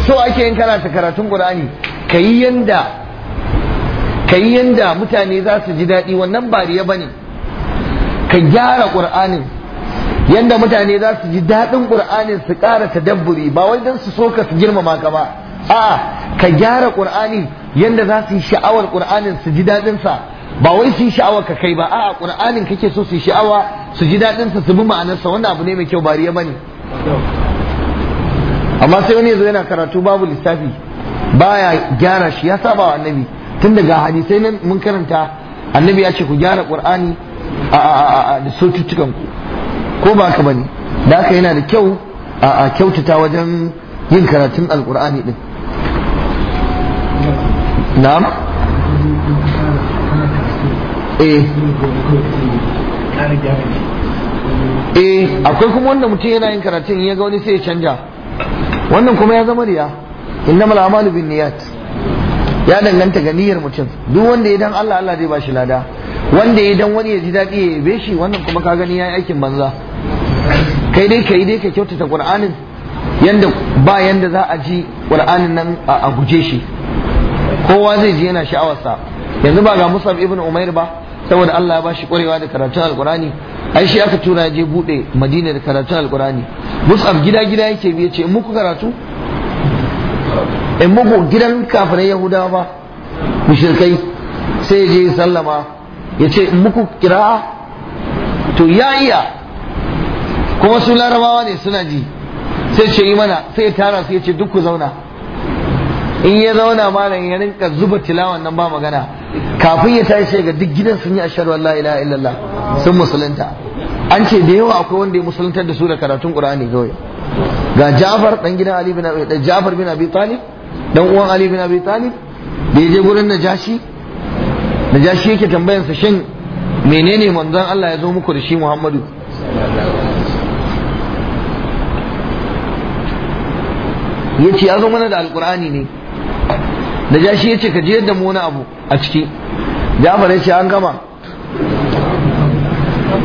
so ake yin karata karatun qur'ani ka yi yanda mutane za su ji daɗi wannan ba riya ba ne ka gyara ƙur'anin yanda mutane za su ji daɗin ƙur'anin su ƙara tadabburi ba wai don su soka su girmama ka ba a'a ka gyara ƙur'ani yanda za su yi sha'awar ƙur'anin su ji daɗin sa. ba wai su yi sha'awa ka kai ba a ƙur'anin kake so su yi sha'awa su ji daɗin su bi ma'anarsa wannan abu ne mai kyau bariya bane amma sai wani yanzu yana karatu babu lissafi baya gyara shi ya saba wa annabi tun daga hadisai nan mun karanta annabi ya ce ku gyara kur'ani a da saututtukan ku ko ba ka bane da haka yana da kyau a kyautata wajen yin karatun alkur'ani. din na'am Eh. eh akwai kuma wanda mutum yana yin karatun ya ga wani sai ya canja wannan kuma ya zama riya inna mal amalu bin niyat ya danganta ga niyyar mutum duk wanda ya dan Allah Allah zai bashi lada wanda ya dan wani ya ji daɗi ya yabe shi wannan kuma ka gani yayi aikin banza kai dai kai dai ka kyautata Qur'anin yanda ba yanda za a ji Qur'anin nan a guje shi kowa zai ji yana sha'awarsa yanzu ba ga Musab ibn Umair ba saboda Allah ya bashi kwarewa da karatun Alƙurani, ai shi aka tura je buɗe madina da karatun Alƙurani. mus'ab gida gida yake biye ce, in muku karatu in muku gidan kafirai yahudawa ba mushrikai sai je sallama yace in muku kira'a to ya iya kuma su larabawa ne suna ji sai ce yi mana sai tara su yace duk ku zauna in ya zauna malam ya rinka zuba tilawan nan ba magana kafin ya tashi ga duk gidan sun yi ashhadu an la ilaha illallah sun musulunta an ce da yawa akwai wanda ya musuluntar da su da karatun qur'ani kawai ga Ja'far dan gidan Ali bin Abi Ja'far bin Abi Talib dan uwan Ali bin Abi Talib da ya je gurin Najashi Najashi yake sa shin menene manzon Allah ya zo muku da shi Muhammadu ya ce ya zo mana da alqur'ani ne najashi yace ka je da mu wani abu a ciki Jafar yace an gama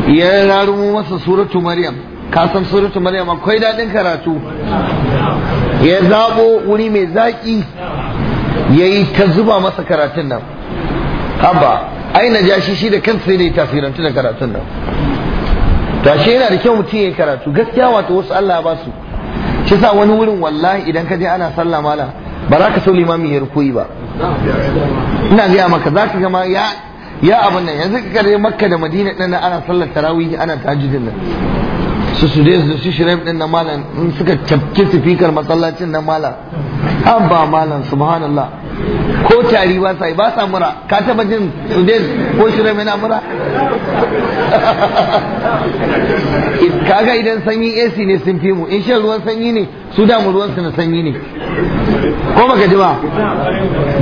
ya mu masa suratu maryam ka san suratu maryam akwai daɗin karatu ya zabo wuri mai zaki yayi ta zuba masa karatun nan haba ai ja shi da kansa ya tasirantu da karatun nan shi yana da kyau mutum ya karatu gaskiya wato wasu Allah ya basu shi sa wani wurin wallahi idan ka je ana sallah mala ba za ka so limamin ya rukuyi ba ina gaya maka za ka gama ya ya abin nan yanzu kare makka da madina ɗin ana sallar tarawih ana tajidin nan su su dai su ɗin na malam in suka cafke sifikar masallacin na malam an ba malam subhanallah ko tari ba sa ba sa mura ka taba jin sudan ko shirin yana mura kaga idan sanyi AC ne sun fi mu in shan ruwan sanyi ne su damu ruwan su na sanyi ne ko baka ji ba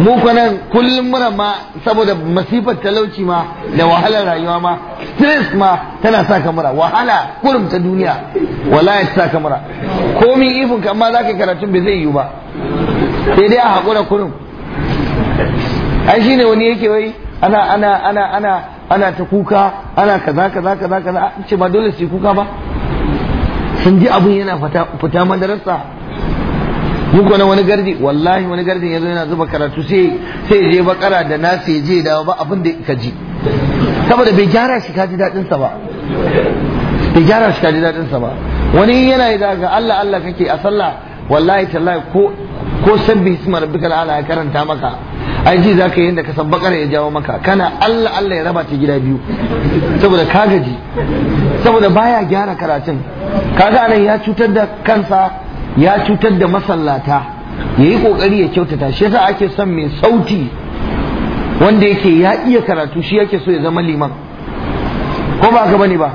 mu nan kullum mura ma saboda masifar talauci ma da wahalar rayuwa ma stress ma tana sa ka mura wahala kurum ta duniya wallahi ta sa ka mura komi ifin ka amma zaka karatun bai zai yiwu ba sai dai a hakura kurum ai shine wani yake wai ana ana ana ana ana ta kuka ana kaza kaza kaza kaza ce ba dole su kuka ba sun ji abun yana fita fita madarasa mun kwana wani gardi wallahi wani gardin yanzu yana zuba karatu sai sai je bakara da na sai je da ba abin da ka ji saboda bai gyara shi kaji dadin sa ba bai gyara shi ji dadin sa ba wani yana yi daga Allah Allah kake a sallah wallahi tallahi ko ko sabbi isma rabbikal ala ya karanta maka ai ji za ka yi inda ka bakar ya jawo maka kana Allah Allah ya raba ta gida biyu saboda ka gaji saboda baya gyara karatun kaga anan ya cutar da kansa ya cutar da masallata ya yi kokari ya kyautata shi yasa ake son mai sauti wanda yake ya iya karatu shi yake so ya zama liman ko ba ka bane ba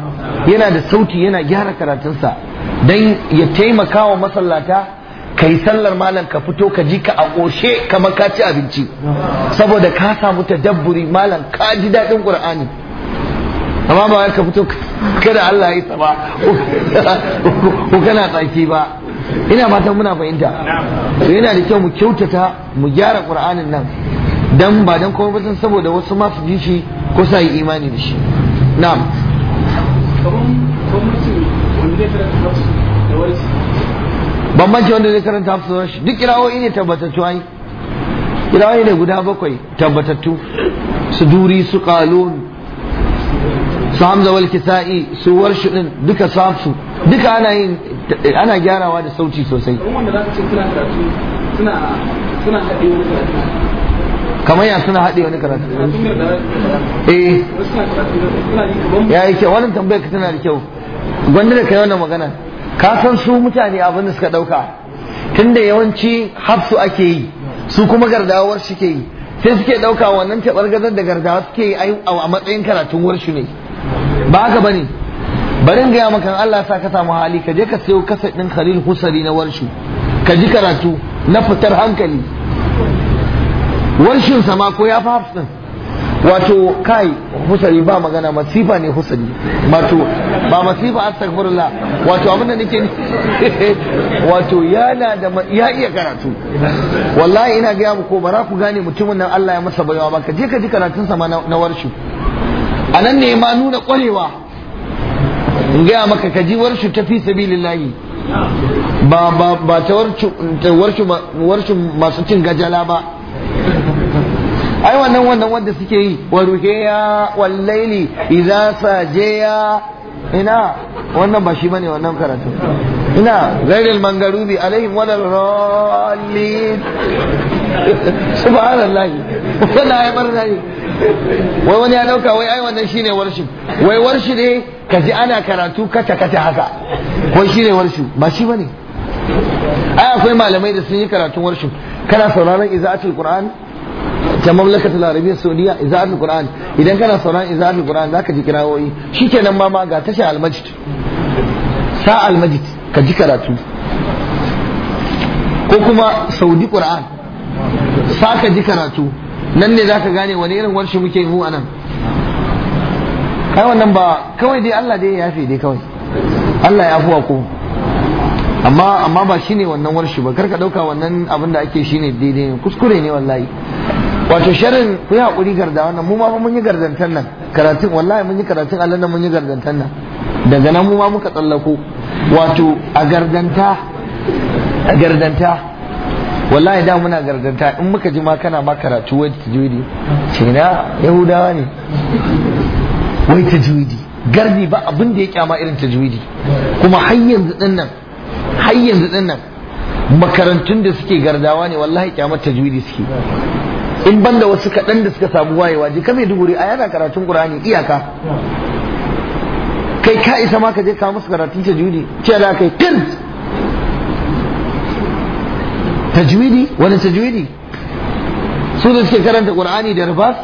yana da sauti yana gyara karatunsa don ya taimaka wa masallata ka yi sallar malam ka fito ka ji ka a ƙoshe kamar ka ci abinci saboda ka samu ta dabburi malam ka ji daɗin ƙur'ani amma ba ka fito kada Allah ya isa ba ko kana tsaki ba ina mata muna fahimta to yana da kyau mu kyautata mu gyara ƙur'anin nan dan ba dan kuma ba saboda wasu ma su ji shi ko sa yi imani da shi na'am bambanci wanda zai karanta hafsu shi duk kirawoyi ne tabbatattu ai kirawoyi ne guda bakwai tabbatattu su duri su qalun su hamza wal kisa'i su warshu din duka safsu duka ana yin ana gyarawa da sauti sosai kamar ya suna haɗe wani karatu eh ya yi kyau wani tambayar ka tana da kyau gwanda da kai wannan magana ka san su mutane abin da suka ɗauka tunda yawanci hafsu ake yi su kuma gardawar ke yi sai suke ɗauka wannan gazar da gardawa suke yi a matsayin karatun warshi ne ba haka bane barin gaya maka Allah sa ka samu hali ka je ka sayo kasa ɗin Khalil Husari na warshi ka ji karatu na fitar hankali warshin sama ko ya fi hafsu wato kai husari ba magana masifa ne husari wato ba masifa astaghfirullah wato abin da nake wato yana da ya iya karatu wallahi ina ga ko bara ku gane mutumin nan Allah ya masa baiwa ba ka je ka ji karatun sa na warshu anan ne ma nuna kwarewa in ga maka ka ji warshu ta fi sabilillahi ba ba ba ta warshi warshu masu cin gajala ba ai wannan wannan wanda suke yi wa ruhiya wallaili idza sajiya ina wannan ba shi bane wannan karatu ina ghairil mangarubi alaihim wala rallin subhanallah wannan ai barna ne wai wani ya dauka wai ai wannan shine warship wai warshi ne kaji ana karatu kata kata haka wai shine warshi ba shi bane ai akwai malamai da sun yi karatun warshi kana sauraron iza'atul qur'an ta mamlakatul arabiyyar saudiya izaatul qur'an idan kana sauran izaatul qur'an zaka ji kirawoyi shikenan ma ma ga tashar almajid sa almajid ka ji karatu ko kuma saudi qur'an sa ka ji karatu nan ne zaka gane wani irin warshi muke yi mu anan kai wannan ba kawai dai Allah dai ya yafe dai kawai Allah ya fuwa ko amma amma ba shine wannan warshi ba karka dauka wannan abin da ake shine daidai kuskure ne wallahi wato sharin ku yi kuri garda wannan mu ma mun yi gardantan nan karatun wallahi mun yi karatun Allah nan mun yi gardantan nan daga nan mu ma muka tsallako wato a gardanta a gardanta wallahi da muna gardanta in muka ji ma kana ma karatu wai tajwidi ce na yahudawa ne wai tajwidi gardi ba abin da ya kyama irin tajwidi kuma har yanzu din nan har yanzu din nan makarantun da suke gardawa ne wallahi kyamar tajwidi suke in banda wasu kaɗan da suka samu wayewa je kame duguri a yana karatun qur'ani iyaka kai ka isa ma ka je ka musu karatun tajwidi ce da kai tir tajwidi wani tajwidi su da suke karanta qur'ani da rufas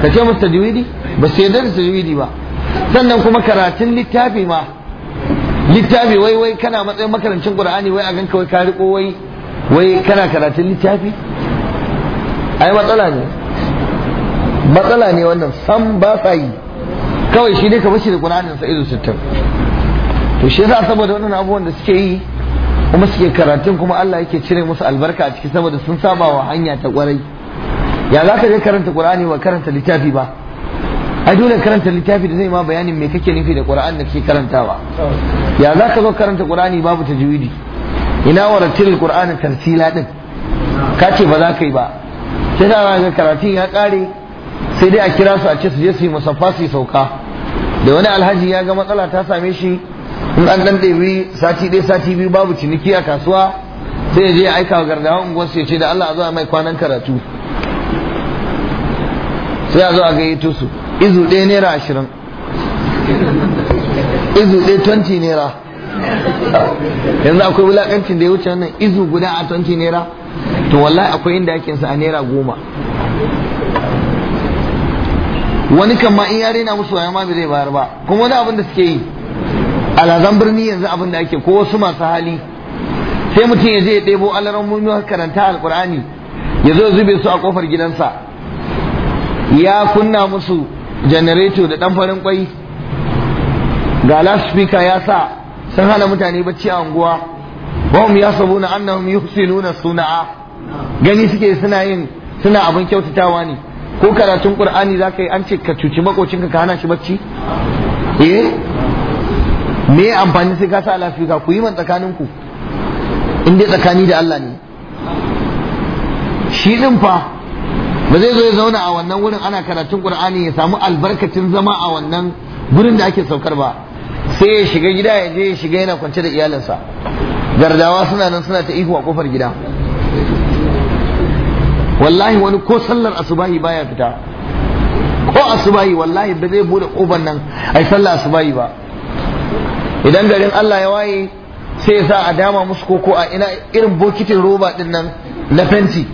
ka ce musu tajwidi ba su yadda da tajwidi ba sannan kuma karatun littafi ma littafi wai wai kana matsayin makarancin qur'ani wai a ganka wai ka riko wai wai kana karatun littafi ai matsala ne matsala ne wannan sam ba sa yi kawai shi ne ka bashi da kuranin sa izu sittin to shi yasa saboda wannan abubuwan da suke yi kuma suke karatun kuma Allah yake cire musu albarka a ciki saboda sun saba wa hanya ta kwarai ya za ka je karanta Qur'ani ba karanta littafi ba ai dole karanta littafi da zai ma bayanin me kake nufi da Qur'an da kake karantawa ya za ka zo karanta Qur'ani babu tajwidi ina waratil Qur'anin tartila din ka ce ba za ka yi ba sai da ga karatun ya kare sai dai a kira su a ce su je su yi musaffa su sauka da wani alhaji ya ga matsala ta same shi in an dan ɗebi sati ɗaya sati biyu babu ciniki a kasuwa sai ya je ya aika wa gargawa unguwar su ya ce da Allah a zo a mai kwanan karatu sai a zo a gayyato su izu ɗaya naira ashirin izu ɗaya twenty naira yanzu akwai wulaƙancin da ya wuce wannan izu guda a twenty naira to wallahi akwai inda ake sa a naira goma wani kan ma in yare na musu wayan ma bai zai bayar ba kuma wani abin da suke yi alazan birni yanzu abin da ake ko wasu masu hali sai mutum ya je ya ɗebo alaran mummiyar karanta alkur'ani ya zo zube su a kofar gidansa ya kunna musu janareto da ɗan farin kwai ga laspika ya sa sun hana mutane bacci a unguwa wahum ya sabu na annahum yuhsinuna suna'a gani suke suna yin suna abin kyautatawa ne ko karatun qur'ani zaka yi an ce ka cuci makocin ka hana shi bacci eh me amfani sai ka sa lafiya ku yi man tsakanin ku in dai tsakani da Allah ne shi din fa ba zai zo ya zauna a wannan wurin ana karatun qur'ani ya samu albarkacin zama a wannan gurin da ake saukar ba sai ya shiga gida ya je ya shiga yana kwance da iyalinsa gardawa suna nan suna ta ihu a kofar gida wallahi wani ko sallar asubahi baya fita ko asubahi wallahi ba zai bude kofar nan ai sallar asubahi ba idan garin Allah ya waye sai ya sa a dama musu koko a ina irin bokitin roba din nan na fenti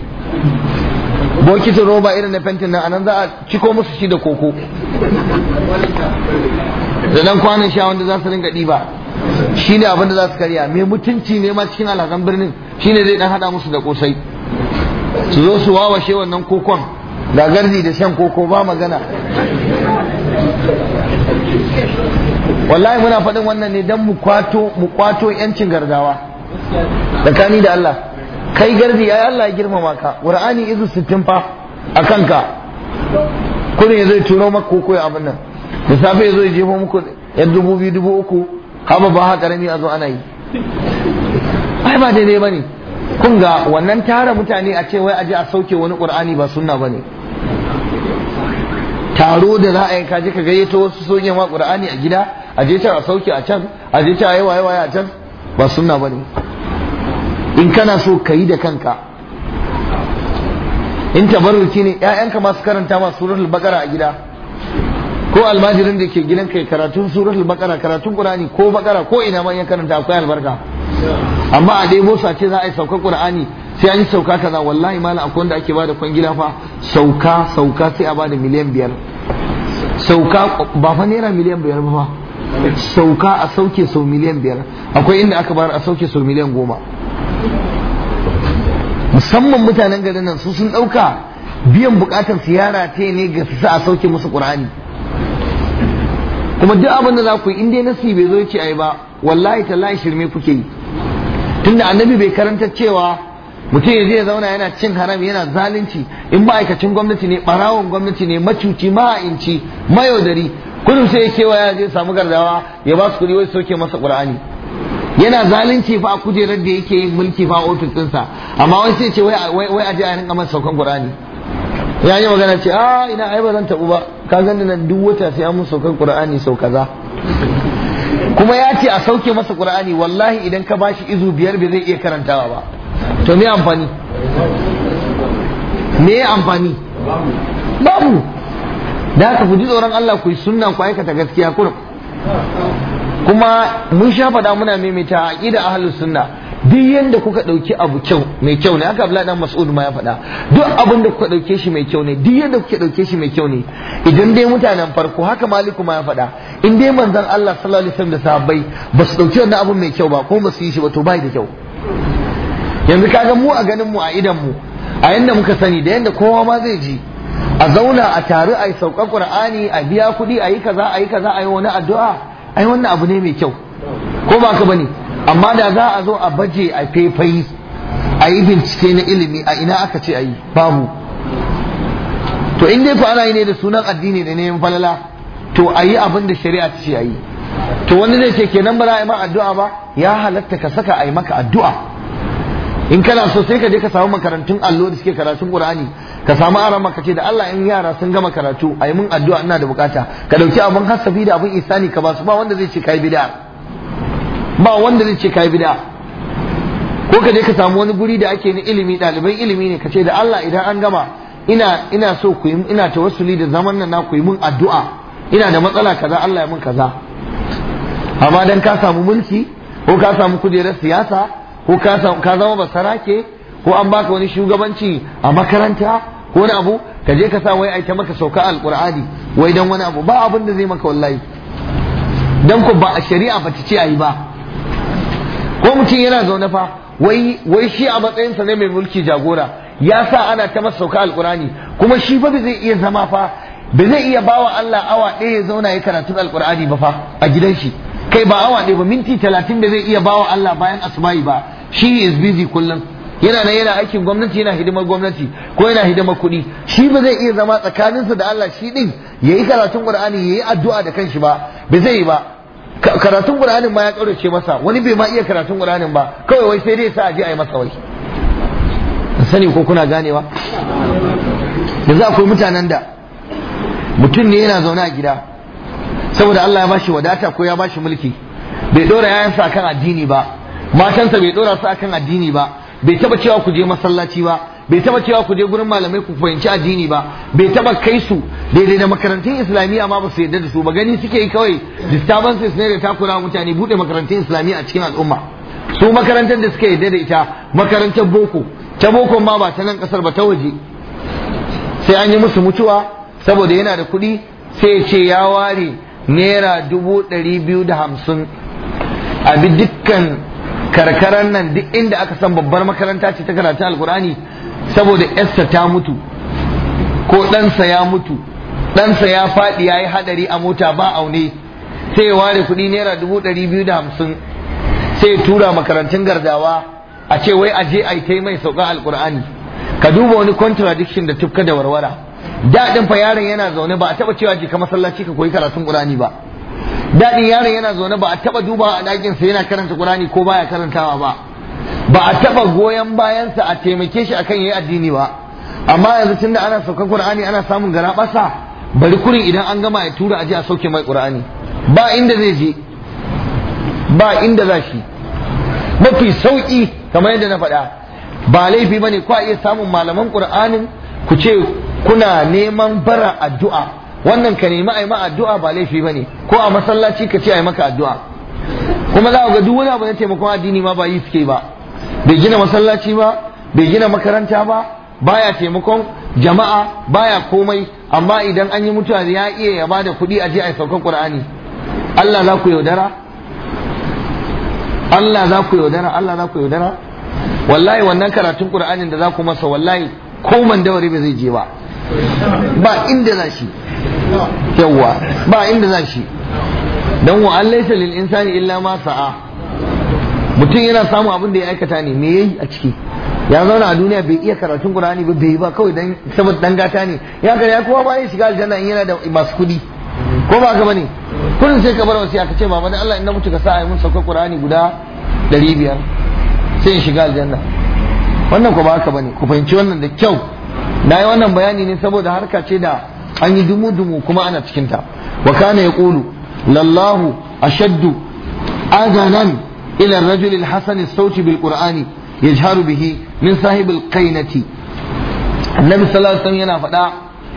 bokitin roba irin na fentin nan anan za a ciko musu shi da koko da nan kwanan sha wanda za su ringa ɗiba shi ne abin da za su karya mai mutunci ne ma cikin alhazan birnin shine ne zai dan hada musu da kosai su zo su wawashe wannan kokon da gardi da shan koko ba magana wallahi muna faɗin wannan ne don mu kwato yancin gargawa tsakani da Allah kai gardi ya Allah ya girmama ka qur'ani izu sittin fa a kanka kudin ya zai turo maka koko ya abin nan da safe ya zo ya jefo muku yan dubu biyu dubu uku haba ba ha karami a zo ana yi ai ba daidai ba ne kun ga wannan tara mutane a ce wai aje a sauke wani qur'ani ba sunna bane taro da za a yi kaje ka gayyato wasu soke ma qur'ani a gida aje can a sauke a can aje can ayi waye waye a can ba sunna bane in kana so ka yi da kanka in tabarruki ne ƴaƴanka masu karanta ma suratul baqara a gida ko almajirin da ke gidan kai karatun suratul baqara karatun qur'ani ko baqara ko ina ma yan karanta akwai albarka amma a dai su ce za a yi saukar qur'ani sai an yi sauka kaza wallahi malam akwai wanda ake bada kwangila fa sauka sauka sai a bada miliyan biyar sauka ba fa naira miliyan biyar ba sauka a sauke sau miliyan biyar akwai inda aka bar a sauke sau miliyan goma musamman mutanen garin nan su sun ɗauka biyan bukatar siyara ta ne ga su a sauke musu kur'ani kuma duk abin da za ku yi in dai nasi bai zo ya ce ai ba wallahi tallahi shirme kuke yi tunda annabi bai karanta cewa mutum ya ya zauna yana cin haram yana zalunci in ma'aikacin gwamnati ne barawon gwamnati ne macuci ma'a'inci mayaudari kudu sai ya kewa ya zai samu gardawa ya ba su kuɗi wai soke masa qur'ani yana zalunci fa a kujerar da yake yin mulki fa a ofis ɗinsa amma wai sai ce wai a je a rinka masa saukan qur'ani ya yi magana ce a ah, ina ai ba zan tabu ba ka gani nan duk wata sai an mun saukan qur'ani sau kaza kuma ya ce a sauke masa qur'ani wallahi idan ka ba shi izu biyar bai zai iya karantawa ba to me amfani me amfani babu da haka ku tsoron Allah ku yi sunna ku aikata gaskiya kuma mun sha faɗa muna maimaita aqida ahlus sunna duk yanda kuka ɗauki abu kyau mai kyau ne haka Abdullahi dan Mas'ud ma ya fada duk abin da kuka ɗauke shi mai kyau ne duk yanda kuka ɗauke shi mai kyau ne idan dai mutanen farko haka Maliku ma ya fada in dai manzon Allah sallallahu alaihi wasallam da sahabbai ba su ɗauki wannan abin mai kyau ba ko ba su yi shi ba to bai da kyau yanzu kaga mu a ganin mu a idan mu a yanda muka sani da yanda kowa ma zai ji a zauna a taru a yi saukar Qur'ani a biya kuɗi a yi kaza a yi kaza a yi wani addu'a ai wannan abu ne mai kyau ko ba ka bane amma da za a zo a baje a faifai a yi bincike na ilimi a ina aka ce a yi babu to in dai ana yi ne da sunan addini da neman falala to a yi abin da shari'a ta ce a yi to wani zai ce kenan ba za a yi ma addu'a ba ya halatta ka saka a yi maka addu'a in kana so sai ka je ka samu makarantun allo da suke karatun qur'ani ka samu arama ka ce da Allah in yara sun gama karatu a yi mun addu'a ina da bukata ka dauki abin hasafi da abin isani ka ba su ba wanda zai ce kai bid'a ba wanda zai ce kai bid'a ko ka je ka samu wani guri da ake ni ilimi ɗaliban ilimi ne ka ce da Allah idan an gama ina ina so ku yi ina tawassuli da zaman nan na ku yi mun addu'a ina da matsala kaza Allah ya mun kaza amma dan ka samu mulki ko ka samu kujerar siyasa ko ka samu ka zama basarake ko an baka wani shugabanci a makaranta ko wani abu ka je ka sa wai ai ta maka sauka alqur'ani wai dan wani abu ba abin da zai maka wallahi dan ko ba a shari'a ba ta ce ayi ba ko mutum yana zaune fa wai wai shi a matsayinsa ne mai mulki jagora ya sa ana ta masa sauka alkurani kuma shi fa zai iya zama fa ba zai iya bawa Allah awa ɗaya ya zauna ya karatu alkurani ba fa a gidan shi kai ba awa ɗaya ba minti talatin da zai iya bawa Allah bayan asubahi ba shi is busy kullum yana nan yana aikin gwamnati yana hidimar gwamnati ko yana hidimar kuɗi shi ba zai iya zama tsakaninsa da Allah shi ɗin ya yi karatun ƙur'ani ya yi addu'a da kanshi ba ba zai yi ba karatun ƙuranin ma ya kaurace masa wani bai ma iya karatun qur'anin ba kawai wai sai dai sa aje yi masa wai sani ko kuna ganewa yanzu akwai mutanen da mutum ne yana zaune a gida saboda Allah ya bashi wadata ko ya bashi mulki bai dora sa akan addini ba matansa bai dora su akan addini ba bai taba cewa ku je masallaci ba bai taba cewa ku je gurin malamai ku fahimci addini ba bai taba kai su daidai da makarantun islamiyya ma ba su yarda da su ba gani suke yi kawai disturbances ne da ta takura mutane bude makarantun islamiyya a cikin al'umma su makarantar da suke yarda da ita makarantar boko ta boko ma ba ta nan kasar ba ta waje sai an yi musu mutuwa saboda yana da kuɗi sai ce ya ware naira dubu ɗari biyu da hamsin a bi dukkan karkaran nan duk inda aka san babbar makaranta ce ta karatu alkurani saboda yarsa ta mutu ko ɗansa ya mutu ɗansa ya faɗi ya yi haɗari a mota ba aune sai ya ware kuɗi naira dubu ɗari biyu da hamsin sai ya tura makarantun gardawa a ce wai aje a yi mai sauka alƙur'ani ka duba wani contradiction da tufka da warwara daɗin fa yaron yana zaune ba a taɓa cewa je ka masallaci ka koyi karatun ƙur'ani ba daɗin yaron yana zaune ba a taɓa duba a ɗakinsa yana karanta ƙur'ani ko baya karantawa ba ba a taɓa goyon bayansa a taimake shi akan yayi addini ba amma yanzu tunda ana saukar qur'ani ana samun garabasa bari kurin idan an gama ya tura aje a sauke mai qur'ani ba inda zai je ba inda za shi mafi sauki kamar yadda na faɗa ba laifi bane ko a iya samun malaman qur'anin ku ce kuna neman bara addu'a wannan ka nemi ai ma addu'a ba laifi bane ko a masallaci ka ce ai maka addu'a kuma za ga duk wani abu na taimakon addini ma ba yi suke ba bai gina masallaci ba bai gina makaranta ba baya taimakon jama'a baya komai amma idan an yi mutuwa ya iya ya bada kuɗi a je a saukan Qur'ani Allah za ku yaudara Allah za ku yaudara Allah za ku yaudara wallahi wannan karatun Qur'anin da za ku masa wallahi ko mandawari ba zai je ba ba inda za shi yawwa ba inda za shi dan wa allaisa lil insani illa ma sa'a mutum yana samun abin da ya aikata ne me yayi a ciki ya zauna a duniya bai iya karatun Qur'ani ba bai ba kawai dan saboda dan gata ne ya ga ya kowa ba ya shiga aljanna in yana da masu kudi ko ba ka bane kullum sai ka bar wasiya ka ce baba dan Allah in na mutu ka sa yi mun sauka Qur'ani guda 500 sai in shiga aljanna wannan ko ba ka bane ku fahimci wannan da kyau na yi wannan bayani ne saboda harka ce da an yi dumu-dumu kuma ana cikinta wa kana ya ƙulu lallahu ashaddu adanan ila rajulil rajul al-hasan as-sawti yajharu bihi min sahib al-qainati annabi sallallahu alaihi yana faɗa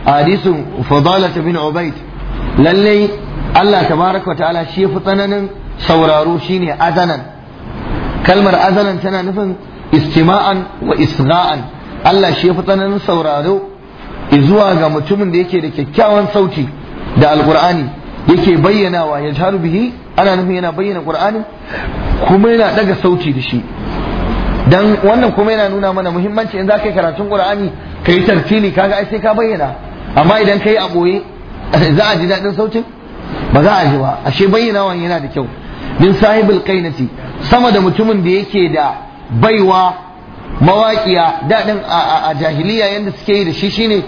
a hadisin fadalah bin ubayd Lallai, Allah tabaraka wa ta'ala shi fi tsananin sauraro shine azanan kalmar azanan tana nufin istima'an wa isra'an. Allah shi fi tsananin sauraro zuwa ga mutumin da yake da kyakkyawan sauti da alqur'ani yake bayyanawa ya jaru bihi ana nufin yana bayyana qur'ani kuma yana daga sauti da shi dan wannan kuma yana nuna mana muhimmanci in zaka yi karatun qur'ani ka tartili kaga ai sai ka bayyana amma idan ka a boye za a ji daɗin sautin ba za a ji ba ashe bayyanawan yana da kyau min sahibul qainati sama da mutumin da yake da baiwa mawaƙiya dadin a jahiliya yanda suke yi da shi shine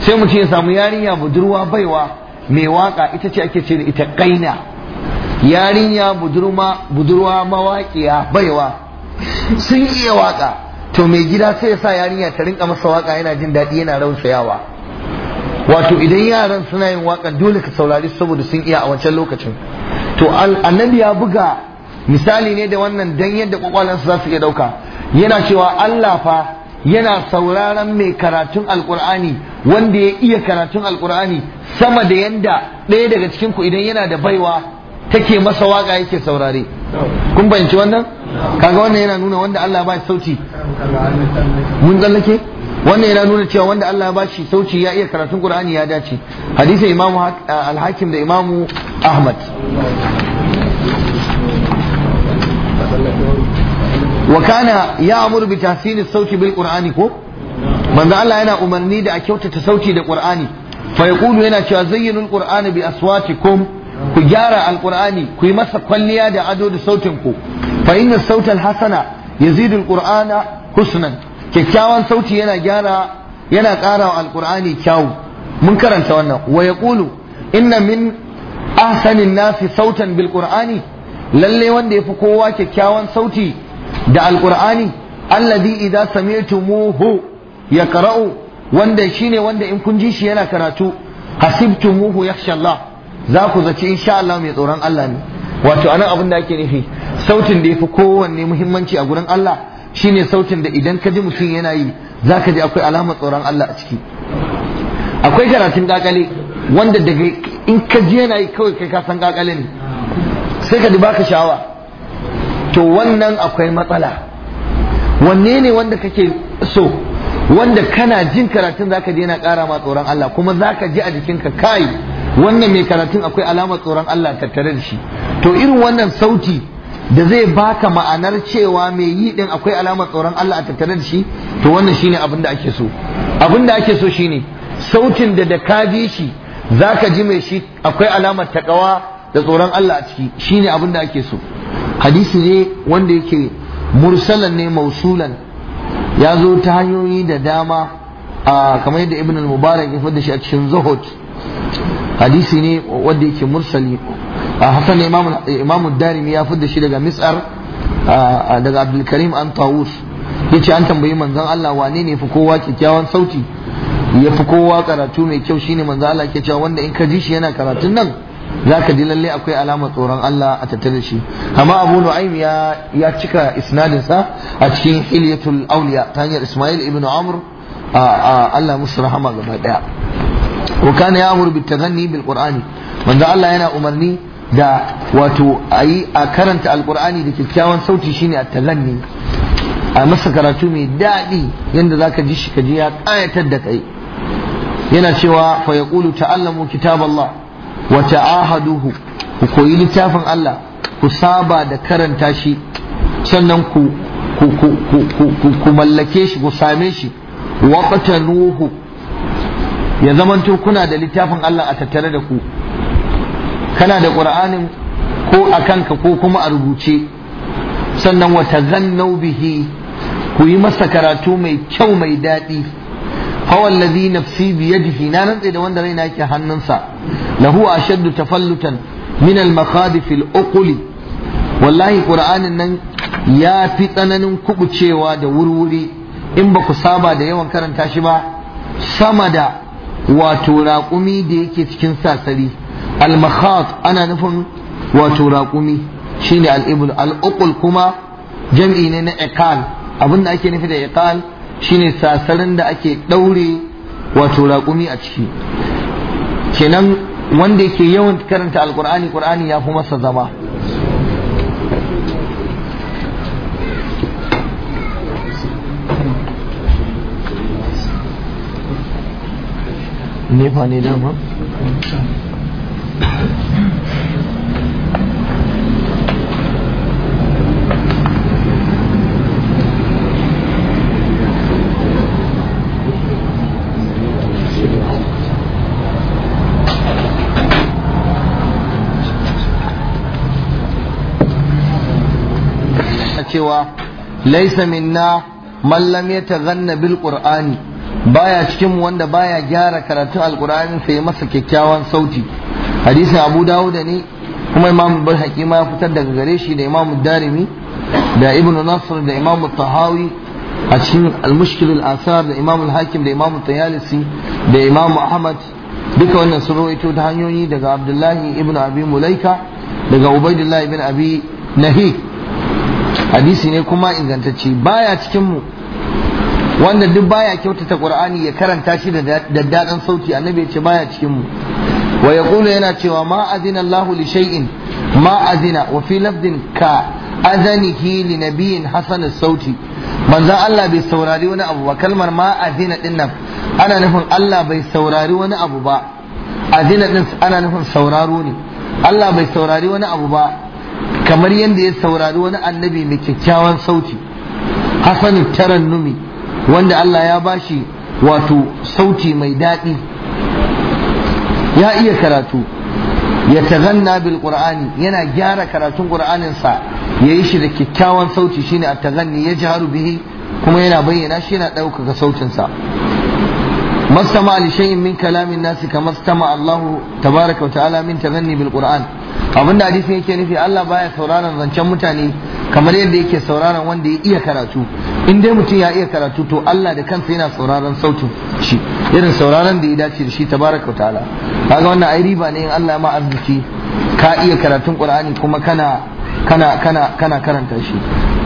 sai mutum ya samu yarinya budurwa baiwa mai waka ita ce ake ce da ita kaina yarinya budurwa mawaƙiya baiwa sun iya waka to mai gida sai ya sa yarinya ta rinka masa waka yana jin daɗi yana rausayawa wato idan yaran suna yin waka dole ka saurari saboda sun iya a wancan lokacin to annabi ya buga misali ne da wannan dan yadda kwakwalansu za su iya ɗauka yana cewa Allah fa yana sauraron mai karatun alkur'ani wanda ya iya karatun alkur'ani sama da yanda ɗaya daga cikin ku idan yana da baiwa take masa waka yake saurare kun bayanci wannan kaga wannan yana nuna wanda Allah ba shi sauti mun tsallake wannan yana nuna cewa wanda Allah ba shi sauci ya iya karatun Qur'ani ya dace hadisin imamu al da imamu Ahmad Wakana ya ya'muru bi tahsini sauti bil qur'ani ko manzo Allah yana umarni da a kyautata sauti da qur'ani fa yaqulu yana cewa zayyinul qur'ana bi aswatikum ku gyara Al-Qur'ani ku yi masa kwalliya da ado da sautin ku fa inna sautal hasana qur'ana husnan kyakkyawan sauti yana gyara yana ƙara wa alqur'ani kyau mun karanta wannan wa yaqulu inna min ahsanin nasi sautan bil qur'ani lalle wanda yafi kowa kyakkyawan sauti da alqur'ani alladhi idza sami'tumuhu yaqra'u wanda shine wanda in kun ji shi yana karatu hasibtumuhu yakhsha Allah za ku zaci insha Allah mai tsoron Allah ne wato anan abin da ake nufi sautin da yafi kowanne muhimmanci a gurin Allah shine sautin da idan ka ji mutum yana yi za ka ji akwai alamar tsoron Allah a ciki akwai karatun kakale wanda daga in ka ji yana yi kawai kai ka san kakale ne sai ka ji baka sha'awa to wannan akwai matsala wanne ne wanda kake so wanda kana jin karatun zaka ka yana ƙara ma tsoron Allah kuma zaka ji a jikinka kai wannan mai karatun akwai alamar tsoron Allah tattare da shi to irin wannan sauti da zai baka ma'anar cewa mai yi din akwai alamar tsoron Allah a tattare da shi to wannan shine abin da ake so abin da ake so shine sautin da da ka ji shi zaka ji mai shi akwai alamar takawa da tsoron Allah a ciki shine abin da ake so hadisi ne wanda yake mursalan ne mausulan ya zo ta hanyoyi da dama a kamar yadda ibn al-mubarak ya fada shi a cikin zuhud hadisi ne wanda yake mursali a hasan imam darimi ya fada shi daga mis'ar daga Abdulkarim karim an tawus yace an tambayi manzon Allah wane ne fi kowa kyakkyawan sauti ya fi kowa karatu mai kyau shine manzon Allah ke cewa wanda in ka ji shi yana karatun nan zaka ji lalle akwai alamar tsoron Allah a tattare shi amma Abu Nu'aym ya ya cika isnadin sa a cikin Hilyatul Awliya ta hanyar Ismail ibn Amr Allah musu rahama gaba daya wa kana ya'muru bitaganni bil Qur'ani manzo Allah yana umarni da wato ayi a karanta alqur'ani da kyakkyawan sauti shine at-taganni a masa karatu mai daɗi yadda zaka ji shi ka ji ya kayatar da kai yana cewa fa yaqulu ta'allamu kitaballah wa ta'ahaduhu ku koyi littafin Allah ku saba da karanta shi sannan ku ku mallake shi ku same shi nuhu ya zamanto kuna da littafin Allah a tattare da ku kana da qur'anin ko a kanka ko kuma a rubuce sannan wa tazannau bihi ku yi masa karatu mai kyau mai daɗi fawallazi nafsi biyadihi na rantse da wanda raina yake hannunsa lahu ashaddu tafallutan min al-makhadif al-uqli wallahi qur'anin nan ya fi tsananin kubucewa da wurwuri in ba ku saba da yawan karanta shi ba sama da wato raƙumi da yake cikin sasari al-makhat ana nufin wato raƙumi shine al-ibl al-uql kuma jam'i ne na iqal abinda ake nufi da ekal. shine sasarin da ake ɗaure wato raƙumi a ciki kenan wanda yake yawan karanta alkur'ani qur'ani ya fi masa zama ne ne dama cewa laisa minna man lam yataghanna bil qur'ani baya cikin wanda baya gyara karatun alqur'ani sai masa kyakkyawan sauti hadisin abu dawud ne kuma imamu bai ma ya fitar daga gare shi da imamu darimi da ibnu nasr da imamu tahawi a cikin al-mushkil asar da imamu hakim da imamu tayalisi da imamu ahmad duka wannan sun rawaito ta hanyoyi daga abdullahi ibnu abi mulaika daga ubaidullahi ibn abi nahi hadisi ne kuma ingantacce baya cikin wanda duk baya kyautata qur'ani ya karanta shi da daddadan sauti annabi ya ce baya cikin mu wa yaqulu yana cewa ma azina Allah li shay'in ma azina wa fi lafdin ka azanihi li hasan sauti manzon Allah bai saurari wani abu ba kalmar ma azina din nan ana nufin Allah bai saurari wani abu ba azina din ana nufin sauraro ne Allah bai saurari wani abu ba kamar yadda ya saurari wani annabi mai kyakkyawan sauti hasan tarannumi wanda Allah ya bashi wato sauti mai daɗi ya iya karatu ya taganna bil qur'ani yana gyara karatun qur'anin sa yayi shi da kyakkyawan sauti shine at taganni yajharu bihi kuma yana bayyana shi yana ɗaukaka sautin sa mastama li shay'in min kalamin nasi kama Allahu tabaraka wa ta'ala min taganni bil abin da hadisin yake nufi Allah baya sauraron zancen mutane kamar yadda yake sauraron wanda ya iya karatu in dai mutum ya iya karatu to Allah da kansa yana sauraron sautin shi irin sauraron da ya dace da shi tabaraka wa ta'ala kaga wannan ai riba ne in Allah ma arziki ka iya karatun Qur'ani kuma kana kana kana kana karanta shi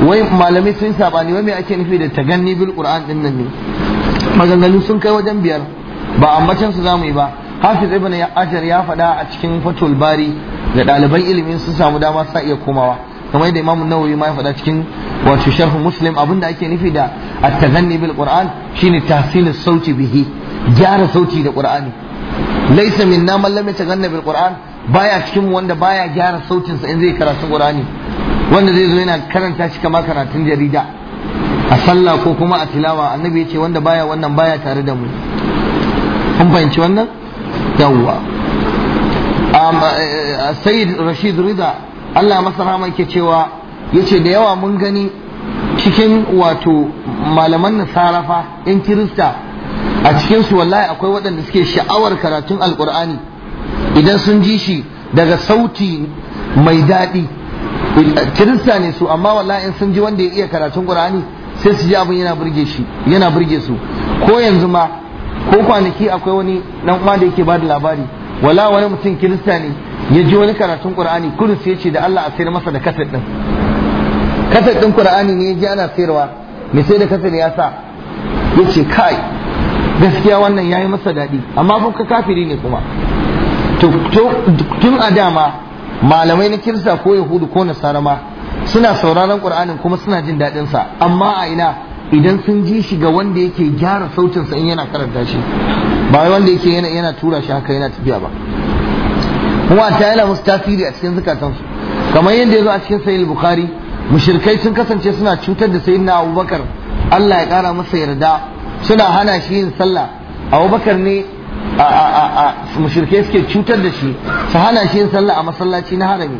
wai malamai sun sabani wai me ake nufi da taganni bil Qur'an din nan ne maganganu sun kai wajen biyar ba ambacin su zamu yi ba hafiz ibn ashar ya faɗa a cikin fatul bari da ɗaliban ilimin sun samu dama sa iya komawa kamar da imamu nawawi ma ya faɗa cikin wato sharh muslim da ake nufi da at-taghanni bil qur'an shine tahsil sauti bihi gyara sauti da qur'ani laysa minna man lam yataghanna bil qur'an baya cikin wanda baya gyara sautin sa in zai karatu qur'ani wanda zai zo yana karanta shi kamar karatun jarida a sallah ko kuma a tilawa annabi ya ce wanda baya wannan baya tare da mu kun fahimci wannan yawwa eh, eh, sayyid rashid rida allah masa rahama ke cewa ya ce da yawa mun gani cikin wato malaman nasarafa yan kirista a cikinsu wallahi akwai waɗanda suke sha'awar karatun alkur'ani idan sun ji shi daga sauti mai daɗi kirista ne su amma wallahi in sun ji wanda ya iya karatun ƙur'ani, sai su ji abin yana burge shi yana burge su ko yanzu ma ko kwanaki akwai wani dan uwa da yake ba da labari wala wani mutum kirista ne ya ji wani karatun qur'ani kurus ya ce da Allah a sayar masa da kaset din kaset din qur'ani ne ya ji ana sayarwa Me sai da kaset ya sa ya ce kai gaskiya wannan yayi masa daɗi amma fa ka kafiri ne kuma tun a dama malamai na kirista ko yahudu ko nasara ma suna sauraron qur'anin kuma suna jin daɗin sa amma a ina idan sun ji shi ga wanda yake gyara sautinsa in yana karanta shi ba wai wanda yake yana yana tura shi haka yana tafiya ba kuma ta yana musu tasiri a cikin su kamar yadda ya zo a cikin sahih bukhari mushrikai sun kasance suna cutar da sayyidina abubakar Allah ya kara masa yarda suna hana shi yin sallah abubakar ne a mushrikai suke cutar da shi su hana shi yin sallah a masallaci na harami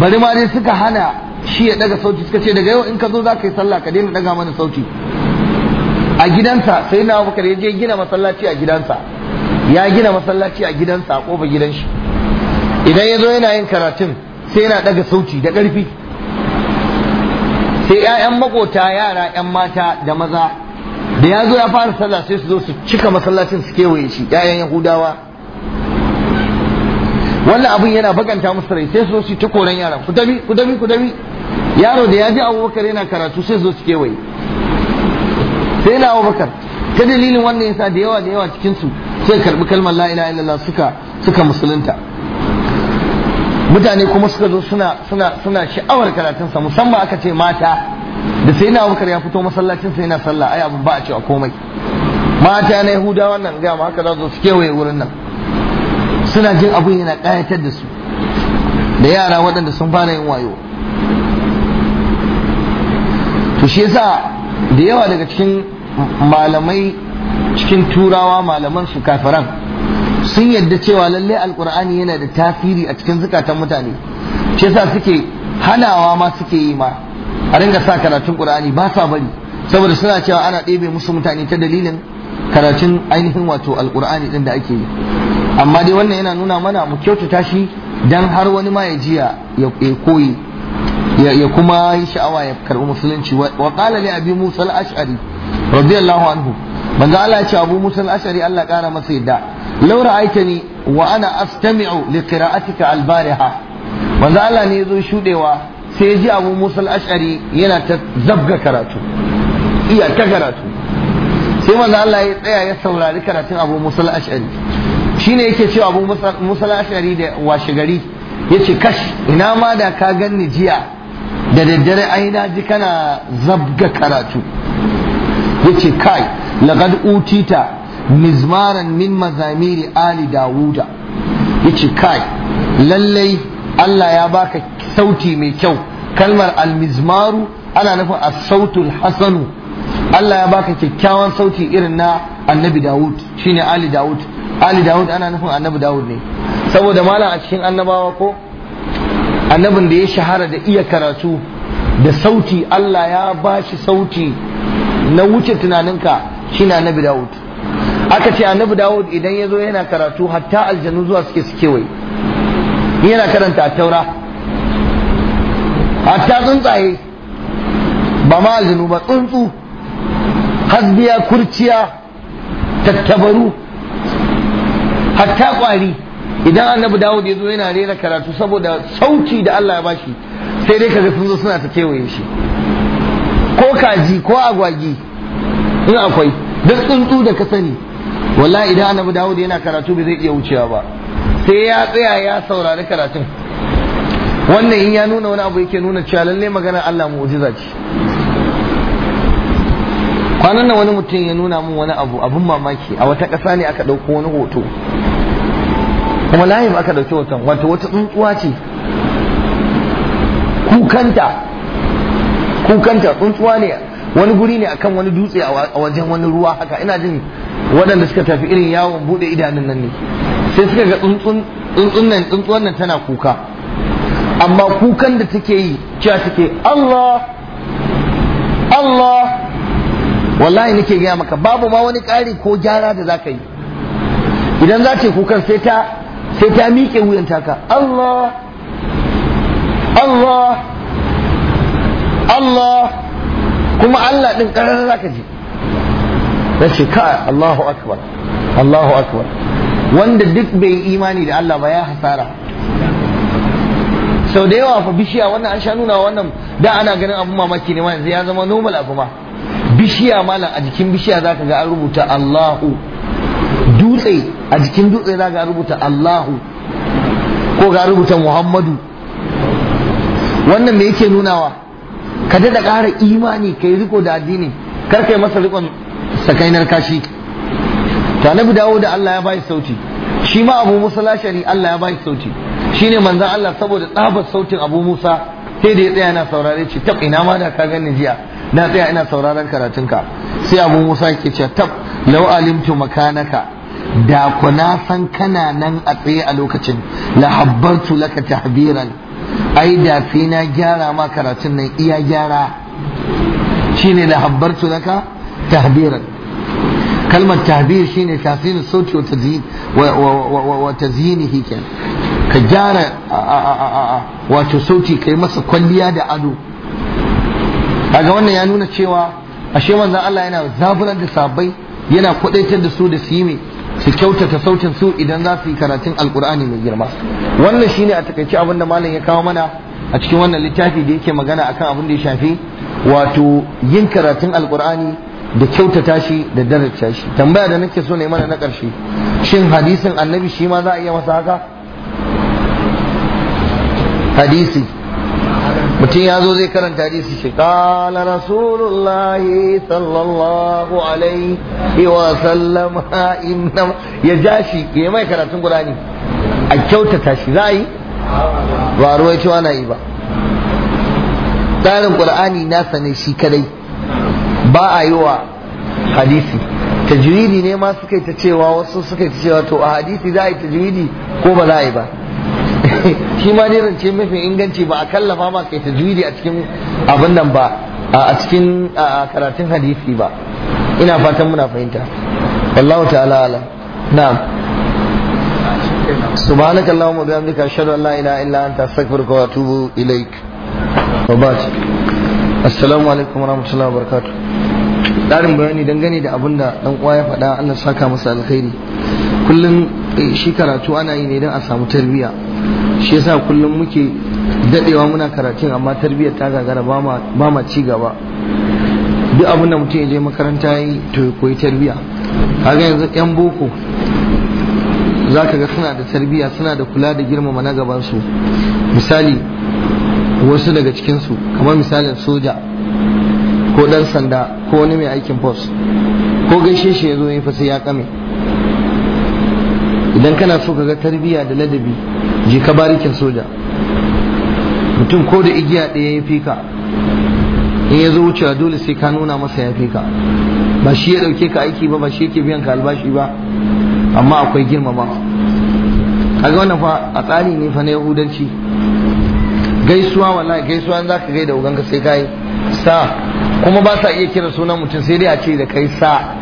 bari ma dai suka hana shi ya daga sauti suka ce daga yau in ka zo za ka yi sallah ka daina daga mana sauti a gidansa sai na bakar ya je gina masallaci a gidansa ya gina masallaci a gidansa a kofar gidan shi idan ya zo yana yin karatun sai yana daga sauti da ƙarfi sai 'ya'yan makota yara 'yan mata da maza da ya zo ya fara sallah sai su zo su cika masallacin su kewaye shi 'ya'yan yahudawa wannan abin yana baganta musu rai sai su zo su ta koran yara ku dami ku dami ku dami yaro da ya ji abubakar yana karatu sai zo su kewaye sai na abubakar ta dalilin wannan yasa da yawa da yawa cikinsu sai karbi kalmar la ilaha illallah suka suka musulunta mutane kuma suka zo suna suna suna sha'awar karatunsa musamman aka ce mata da sai na abubakar ya fito masallacin sai na sallah ai abu ba a cewa komai mata na yahuda wannan ga ma haka za su kewaye wurin nan suna jin abun yana ƙayatar da su da yara waɗanda sun fara yin wayo to shi yasa da yawa daga cikin malamai cikin turawa malaman su kafiran sun yadda cewa lallai alkur'ani yana da tasiri a cikin zukatan mutane shi yasa suke hanawa ma suke yi ma a ringa sa karatun qur'ani ba sa bari saboda suna cewa ana ɗebe musu mutane ta dalilin karatun ainihin wato alkur'ani din da ake yi amma dai wannan yana nuna mana mu kyautata shi dan har wani ma ya jiya ya koyi ya kuma yi sha'awa ya karɓi musulunci wa qala li abi musa al-ash'ari radiyallahu anhu manzo Allah ya ce abu musa al-ash'ari Allah kara masa yadda law ra'aitani wa ana astami'u li qira'atika al-bariha manzo Allah ne yazo shudewa sai ya ji abu musa al-ash'ari yana ta zabga karatu iya ta karatu sai manzo Allah ya tsaya ya saurari karatun abu musa al-ash'ari shine yake cewa abu musa al-ash'ari da washegari ya ce kash ina ma da ka ganni jiya da daddare ai na ji kana zabga karatu yace kai laqad utita mizmaran min mazamiri ali dawuda yace kai lallai Allah ya baka sauti mai kyau kalmar al-mizmaru ana nufin as-sautul hasanu Allah ya baka kyakkyawan sauti irin na annabi dawud shine ali dawud ali dawud ana nufin annabi dawud ne saboda malam a cikin annabawa ko annabin da ya shahara da iya karatu da sauti Allah ya ba shi sauti na wuce tunaninka shi na annabi Dawud aka ce annabi Dawud idan ya zo yana karatu hatta aljanu zuwa suke suke wai yana karanta taura hatta tsuntsaye ba ma aljanu ba tsuntsu hasbiya kurciya tattabaru hatta kwari idan annabi dawud ya zo yana rera karatu saboda sauti da Allah ya bashi sai dai kaga sun zo suna ta kewaye shi ko kaji ko agwagi in akwai duk tsuntsu da ka sani wallahi idan annabi dawud yana karatu bai zai iya wucewa ba sai ya tsaya ya saurari karatun wannan in ya nuna wani abu yake nuna cewa lalle magana Allah mu'jiza ce kwanan nan wani mutum ya nuna min wani abu abun mamaki a wata ƙasa ne aka ɗauko wani hoto kuma layin aka ɗauki wata wata wata tsuntsuwa ce kukanta kukanta tsuntsuwa ne wani guri ne akan wani dutse a wajen wani ruwa haka ina jin waɗanda suka tafi irin yawon buɗe idanun nan ne sai suka ga tsuntsun nan tsuntsuwan nan tana kuka amma kukan da take yi cewa take Allah Allah wallahi nake gaya maka babu ma wani ƙari ko gyara da za ka yi idan za ta kukan sai ta sai ta miƙe wuyan taka Allah Allah Allah kuma Allah ɗin ƙararra zaka ka ji na ce ka Allahu akbar Allahu akbar wanda duk bai imani da Allah ba ya hasara sau da yawa fa bishiya wannan an sha nuna wannan da ana ganin abun mamaki ne yanzu ya zama normal abu ma bishiya malam a jikin bishiya zaka ga an rubuta Allahu dutse a jikin dutse za ga rubuta Allahu ko ga rubuta Muhammadu wannan me yake nunawa ka da ƙara imani ka yi riko da addini kar ka masa rikon sakainar kashi to annabi dawo da Allah ya bai sauti shi ma Abu Musa lashari Allah ya bai sauti shine manzon Allah saboda tsabar sautin Abu Musa sai da ya tsaya yana saurare ce tab ina ma da ka gani jiya na tsaya ina sauraron karatunka sai Abu Musa yake ce tab law alimtu makanaka da ku na san kana nan a tsaye a lokacin la habbartu laka tahbiran ai da sai na gyara ma karatun nan iya gyara shine la habbartu laka tahbiran kalmar tahbir shine tasirin sauti wa tazyin wa tazyinihi kenan ka gyara wato sauti kai masa kwalliya da ado kaga wannan ya nuna cewa ashe manzon Allah yana zaburar da sabai yana kudaitar da su da su yi su kyautata sautin su idan za su yi karatun alkur'ani mai girma wannan shine a takaice abin da malam ya kawo mana a cikin wannan littafi da yake magana akan abin da ya shafi wato yin karatun alkur'ani da kyautata shi da daraja shi tambaya da nake so na ne mana na karshe shin hadisin annabi shi ma za a iya masa haka hadisi mutum ya zo zai karanta hadisi shi kala rasulullah sallallahu alaihi wa sallam inna ya ja shi ya mai karatun qur'ani a kyautata shi za yi ba ruwai ci na yi ba tsarin qur'ani na sane shi kadai ba a yi wa hadisi tajwidi ne ma suka ta cewa wasu suka ta cewa to a hadisi za a yi tajwidi ko ba za a yi ba shi ma dai zance mafi inganci ba a kallafa ma kai tajwidi a cikin abin nan ba a cikin karatun hadisi ba ina fatan muna fahimta wallahu ta'ala alam na'am سبحانك اللهم وبحمدك اشهد ان لا اله الا انت استغفرك واتوب اليك وبعد السلام عليكم ورحمه الله وبركاته ƙarin bayani dangane da abin da ɗan uwa ya faɗa Allah saka masa alkhairi kullum Eh, shi karatu ana yi ne don a samu tarbiyya shi yasa kullum muke dadewa muna karatun amma tarbiya ta gagara ba ma ci gaba duk abin da mutum ya je makaranta yi to ya koyi tarbiyya kaga yanzu yan boko zaka ga suna da tarbiyya suna da kula da girmama na gaban su misali wasu daga cikin su kamar misalin soja ko dan sanda ko wani mai aikin post ko gaishe shi ya zo yi fasa ya kame idan kana so ka ga tarbiyya da ladabi je ka barikin soja mutum ko da igiya ɗaya ya fi ka in ya zo wucewa dole sai ka nuna masa ya fi ka ba shi ya ɗauke ka aiki ba ba shi yake biyan ka albashi ba amma akwai girmama kaga wannan fa a tsari ne fa na yahudanci gaisuwa wallahi gaisuwa in zaka gaida uganka sai kai sa kuma ba sa iya kira sunan mutum sai dai a ce da kai sa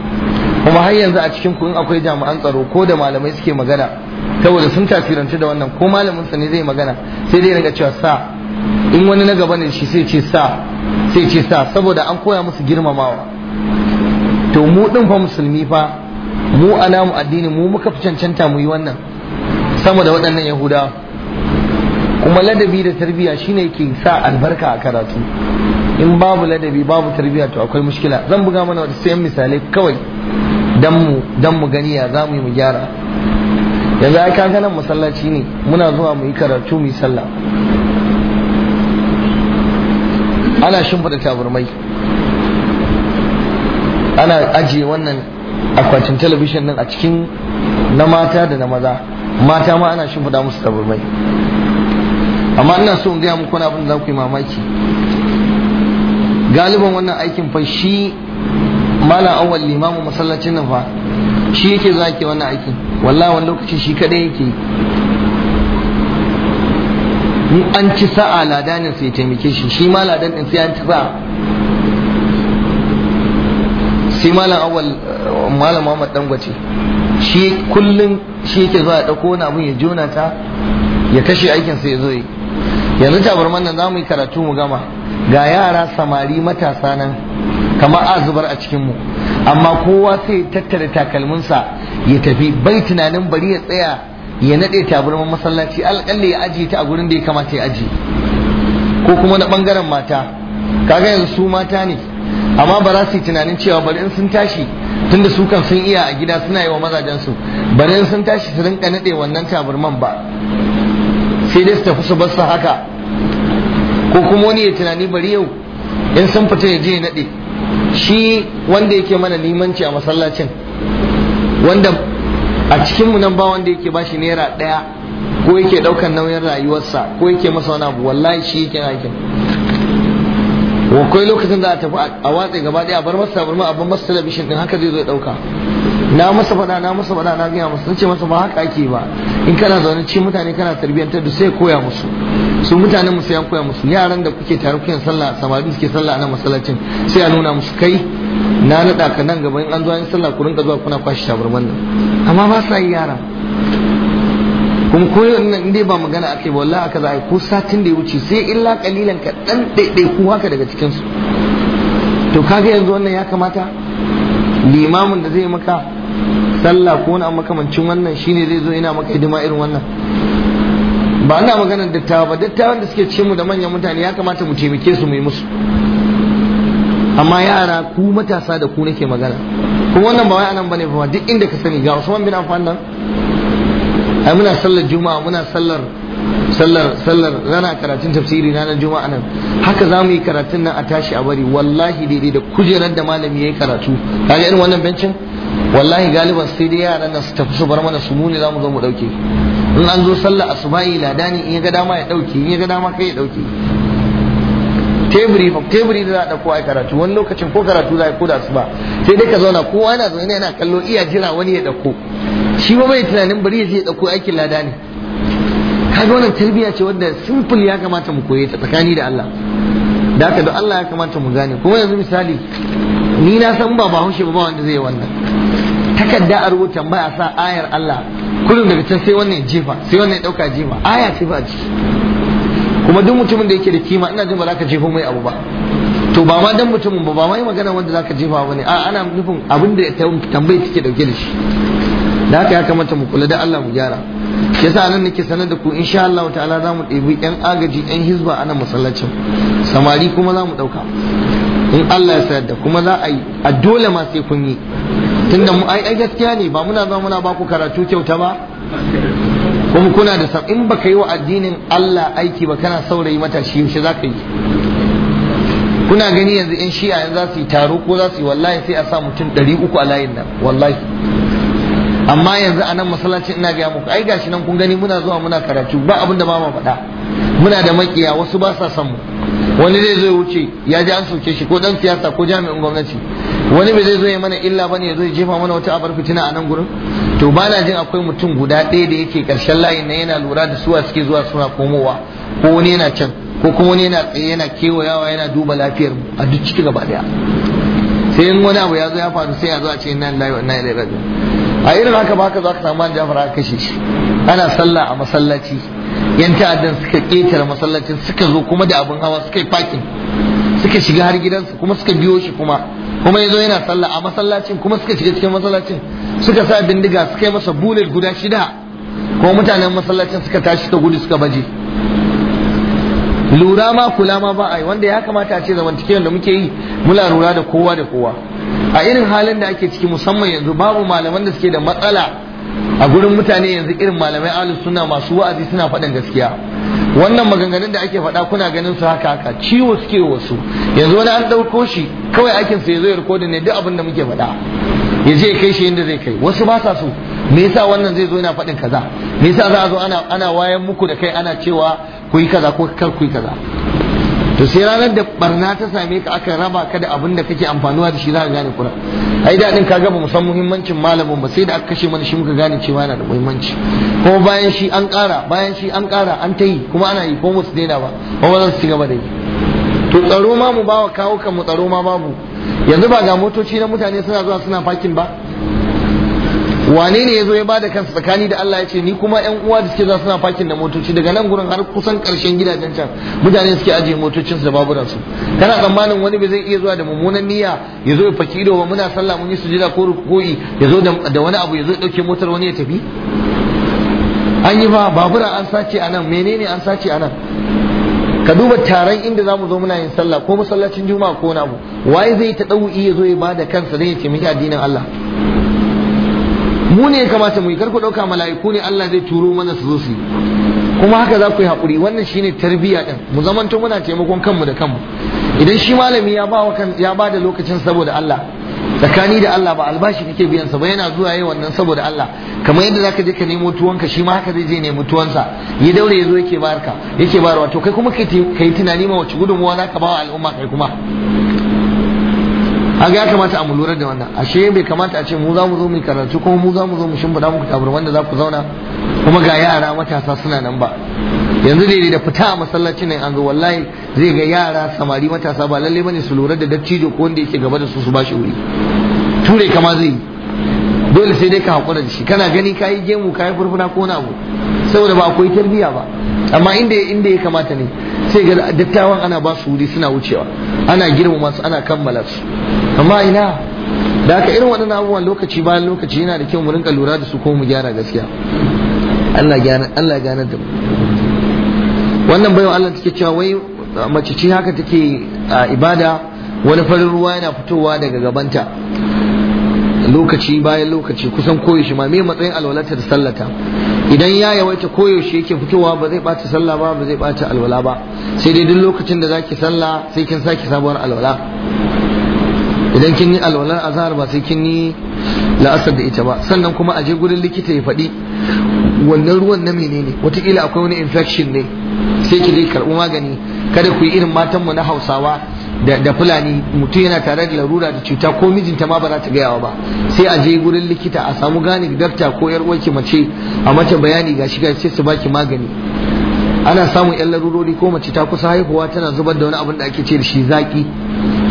kuma har yanzu a cikin ku in akwai jami'an tsaro ko da malamai suke magana saboda sun tasirantu da wannan ko malamin sa ne zai magana sai dai daga cewa sa in wani na gaba ne shi sai ce sa sai ce sa saboda an koya musu girmamawa to mu din fa musulmi fa mu alamu addini mu muka fi cancanta mu yi wannan sama da waɗannan yahudawa kuma ladabi da tarbiyya shine yake sa albarka a karatu in babu ladabi babu tarbiyya to akwai mushkila zan buga mana wata sayan misalai kawai dan mu dan mu gani ya zamu yi mu gyara yanzu ai kaga nan masallaci ne muna zuwa mu yi karatu mu yi sallah ana shimfida taburmai ana ajiye wannan akwatin talabishin nan a cikin na mata da na maza mata ma ana shimfida musu taburmai amma ina so in gaya muku wani abin da za ku yi mamaki galiban wannan aikin fa shi mala awal limamu masallacin nan fa shi yake zake wannan aikin wallahi wani lokaci shi kadai yake ni an ci sa'a ladanin sai taimake shi shi ma ladan din sai an ci sa'a sai malam awal malam Muhammad Dangwace shi kullum shi yake zuwa ya dauko wani abun ya jona ta ya kashe aikin sai ya zo yi yanzu tabarman nan za mu yi karatu mu gama ga yara samari matasa nan kamar a zubar a cikinmu amma kowa sai tattara takalminsa ya tafi bai tunanin bari ya tsaya ya naɗe taburman masallaci alƙalla ya ajiye ta a gurin da ya kamata ya ajiye ko kuma na ɓangaren mata kaga yanzu su mata ne amma ba za su tunanin cewa bari in sun tashi tunda su kan sun iya a gida suna yi wa mazajensu bari in sun tashi su rinka naɗe wannan taburman ba sai dai su tafi su bar su haka ko kuma wani ya tunani bari yau in san fita ya je ya naɗe shi wanda yake mana limanci a masallacin wanda a cikinmu nan ba wanda yake bashi naira ɗaya ko yake ɗaukan nauyin rayuwarsa ko yake masa wani abu wallahi shi yake aikin wa kai lokacin da a tafi a watsa gaba ɗaya a bar masa a bar masa talabishin din haka zai zo ya ɗauka na masa faɗa na masa faɗa na gaya musu sun ce masa ba haka ake ba in kana zaune cikin mutane kana tarbiyyantar da sai koya musu su mutanen musu sai an koya musu yaran da kuke tare kuyan sallah samari suke sallah a nan masallacin sai a nuna musu kai na naɗa ka nan gaba in an zo an sallah ku rinka zuwa kuna kwashi tabarman nan amma ba sa yi yara kuma ko in dai ba magana akai ba wallahi aka za ko satin da ya wuce sai illa kalilan ka dan ku haka daga cikin su to kaga yanzu wannan ya kamata limamin da zai maka sallah ko wani makamancin wannan shine zai zo ina maka hidima irin wannan ba ina magana dattawa ba dattawan da suke cikin mu da manyan mutane ya kamata mu taimake su mu yi musu amma yara ku matasa da ku nake magana kuma wannan ba wai anan bane ba duk inda ka sani ga Usman bin Affan nan ai muna sallar juma'a muna sallar sallar sallar rana karatun tafsiri na juma'a nan haka za mu yi karatun nan a tashi a bari wallahi daidai da kujerar da malami ya yi karatu kaga irin wannan bencin wallahi galiban sai dai yaran nan su tafi su bar mana su muni ne za mu zo mu dauke in an zo sallar asuba'i ladani in ya ga dama ya dauke in ya ga dama kai ya dauke teburi teburi da za a dauko ai karatu wani lokacin ko karatu za a ko da asuba sai dai ka zauna kowa yana zaune yana kallo iya jira wani ya dauko shi ba bai tunanin bari ya je ya dauko aikin ladani ga wannan tarbiyya ce wanda simple ya kamata mu koye ta tsakani da Allah da haka da Allah ya kamata mu gane kuma yanzu misali ni na san ba bahaushe ba ba wanda zai wannan takarda a rubuta baya a sa ayar Allah kullum daga can sai wannan jefa sai wannan dauka jefa aya ce ba ciki kuma duk mutumin da yake da kima ina jin ba za ka jefo mai abu ba to ba ma dan mutumin ba ba ma yi magana wanda za ka jefa ba ne a ana nufin abin da tambayi take dauke da shi da haka ya kamata mu kula da Allah mu gyara yasa nan nake sanar da ku insha Allah ta'ala za mu ɗebi yan agaji yan hizba a nan masallacin samari kuma za mu ɗauka in Allah ya sayar da kuma za a yi a dole ma sai kun yi tunda mu ai gaskiya ne ba muna zama muna ba ku karatu kyauta ba kuma kuna da sab in baka yi wa addinin Allah aiki ba kana saurayi mata shi yaushe za yi kuna gani yanzu in shi'a yanzu za su yi taro ko za su yi wallahi sai a sa mutum ɗari uku a layin nan wallahi amma yanzu a nan masallacin ina gaya muku ai gashi nan kun gani muna zuwa muna karatu ba abin da ba mu faɗa muna da makiya wasu ba sa son mu wani zai zo ya wuce ya ji an soke shi ko dan siyasa ko jami'in gwamnati wani bai zai zo ya mana illa bane ya zo ya jefa mana wata abar fitina a nan gurin to ba na jin akwai mutum guda ɗaya da yake karshen layin na yana lura da suwa suke zuwa suna komowa ko wani yana can ko kuma wani yana tsaye yana kewayawa yana duba lafiyar mu a duk ciki gaba daya sai in wani abu ya zo ya faru sai ya zo a ce ina lillahi wa inna ilaihi raji'un a irin haka ba ka za ka samu an jafar aka kashe shi ana sallah a masallaci yan ta'addan suka ƙetare masallacin suka zo kuma da abin hawa suka yi fakin suka shiga har gidansu kuma suka biyo shi kuma kuma ya zo yana sallah a masallacin kuma suka shiga cikin masallacin suka sa bindiga suka yi masa bullet guda shida kuma mutanen masallacin suka tashi ta gudu suka baje lura ma kula ma ba a yi wanda ya kamata a ce zamantakewa da muke yi mula lura da kowa da kowa a irin halin da ake ciki musamman yanzu babu malaman da suke da matsala a gurin mutane yanzu irin malamai ahlus suna masu wa'azi suna faɗin gaskiya wannan maganganun da ake faɗa kuna ganin su haka haka ciwo suke wasu yanzu wani an ɗauko shi kawai aikin sa ya ya rikodin ne duk abin da muke faɗa ya je kai shi inda zai kai wasu ba sa so me yasa wannan zai zo yana faɗin kaza me yasa za a zo ana ana wayan muku da kai ana cewa ku yi kaza ko kar ku yi kaza to sai ranar da barna ta same ka aka raba ka da abin da kake amfanuwa da shi za ka gane kuna ai da din kaga ba mu san muhimmancin malamin ba sai da aka kashe mana shi muka gane cewa yana da muhimmanci ko bayan shi an ƙara bayan shi an ƙara an ta yi kuma ana yi ko mu su daina ba ko ba su ci gaba da yi to tsaro ma mu bawa kawo kan mu tsaro ma babu yanzu ba ga motoci na mutane suna zuwa suna fakin ba wane ne ya zo ya bada kansa tsakani da Allah ya ce ni kuma yan uwa da suke za suna fakin da motoci daga nan gurin har kusan karshen gidajen can mutane suke ajiye motocinsu da su kana tsammanin wani bai zai iya zuwa da mummunan niyya ya zo ya faki ido ba muna sallah mun yi sujida ko ruku'i ya zo da wani abu ya zo ya dauke motar wani ya tafi an yi ba babura an sace a nan menene an sace a nan ka duba taron inda zamu zo muna yin sallah ko masallacin juma'a ko wani abu waye zai ta dau'i ya zo ya bada kansa zai ya taimaki addinin Allah mu ne ya kamata mu yi karku ɗauka mala'iku ne Allah zai turo mana su zo su yi kuma haka za ku yi haƙuri wannan shi ne tarbiyya ɗin mu zamanto muna taimakon kanmu da kanmu idan shi malami ya ba ba da lokacin saboda Allah tsakani da Allah ba albashi kake biyan sa ba yana zuwa yi wannan saboda Allah kamar yadda zaka je ka nemo tuwonka shi ma haka zai je nemi tuwonsa ya daure ya zo yake barka yake to kai kuma kai tunani ma wace gudunmuwa zaka ba wa al'umma kai kuma aga ya kamata a mu lura da wannan ashe bai kamata a ce mu za mu zo mu karatu kuma mu za mu zo mu shimfiɗa muku taburman da za ku zauna kuma ga yara matasa suna nan ba yanzu dai da fita a masallacin nan an ga wallahi zai ga yara samari matasa ba lalle bane su lura da dattijo ko wanda yake gaba da su su bashi wuri ture kama zai dole sai dai ka hakura da shi kana gani kayi gemu kayi furfuna ko na abu saboda ba akwai tarbiya ba amma inda inda ya kamata ne sai ga dattawan ana ba su wuri suna wucewa ana girmama su ana kammala su amma ina da aka irin waɗannan abubuwan lokaci bayan lokaci yana da kyau mu rinka lura da su ko mu gyara gaskiya Allah gyana Allah gyana da mu wannan bayan Allah take cewa wai mace ce haka take ibada wani farin ruwa yana fitowa daga gabanta lokaci bayan lokaci kusan koyaushe ma me matsayin alwalata da sallata idan ya yawaita koyaushe yake fitowa ba zai ɓata sallah ba ba zai ɓata alwala ba sai dai duk lokacin da zaki salla sai kin saki sabuwar alwala idan kin yi alwalar azhar ba sai kin yi la'asar da ita ba sannan kuma a je gurin likita ya faɗi wannan ruwan na menene watakila akwai wani infection ne sai ki dai karɓi magani kada ku yi irin matanmu na hausawa da fulani mutum yana tare da larura da cuta ko mijinta ma ba za ta gayawa ba sai a je gurin likita a samu gane dakta ko yar uwarki mace a mace bayani ga shiga sai su baki magani ana samun yan larurori ko mace ta kusa haihuwa tana zubar da wani abin da ake ce da shi zaki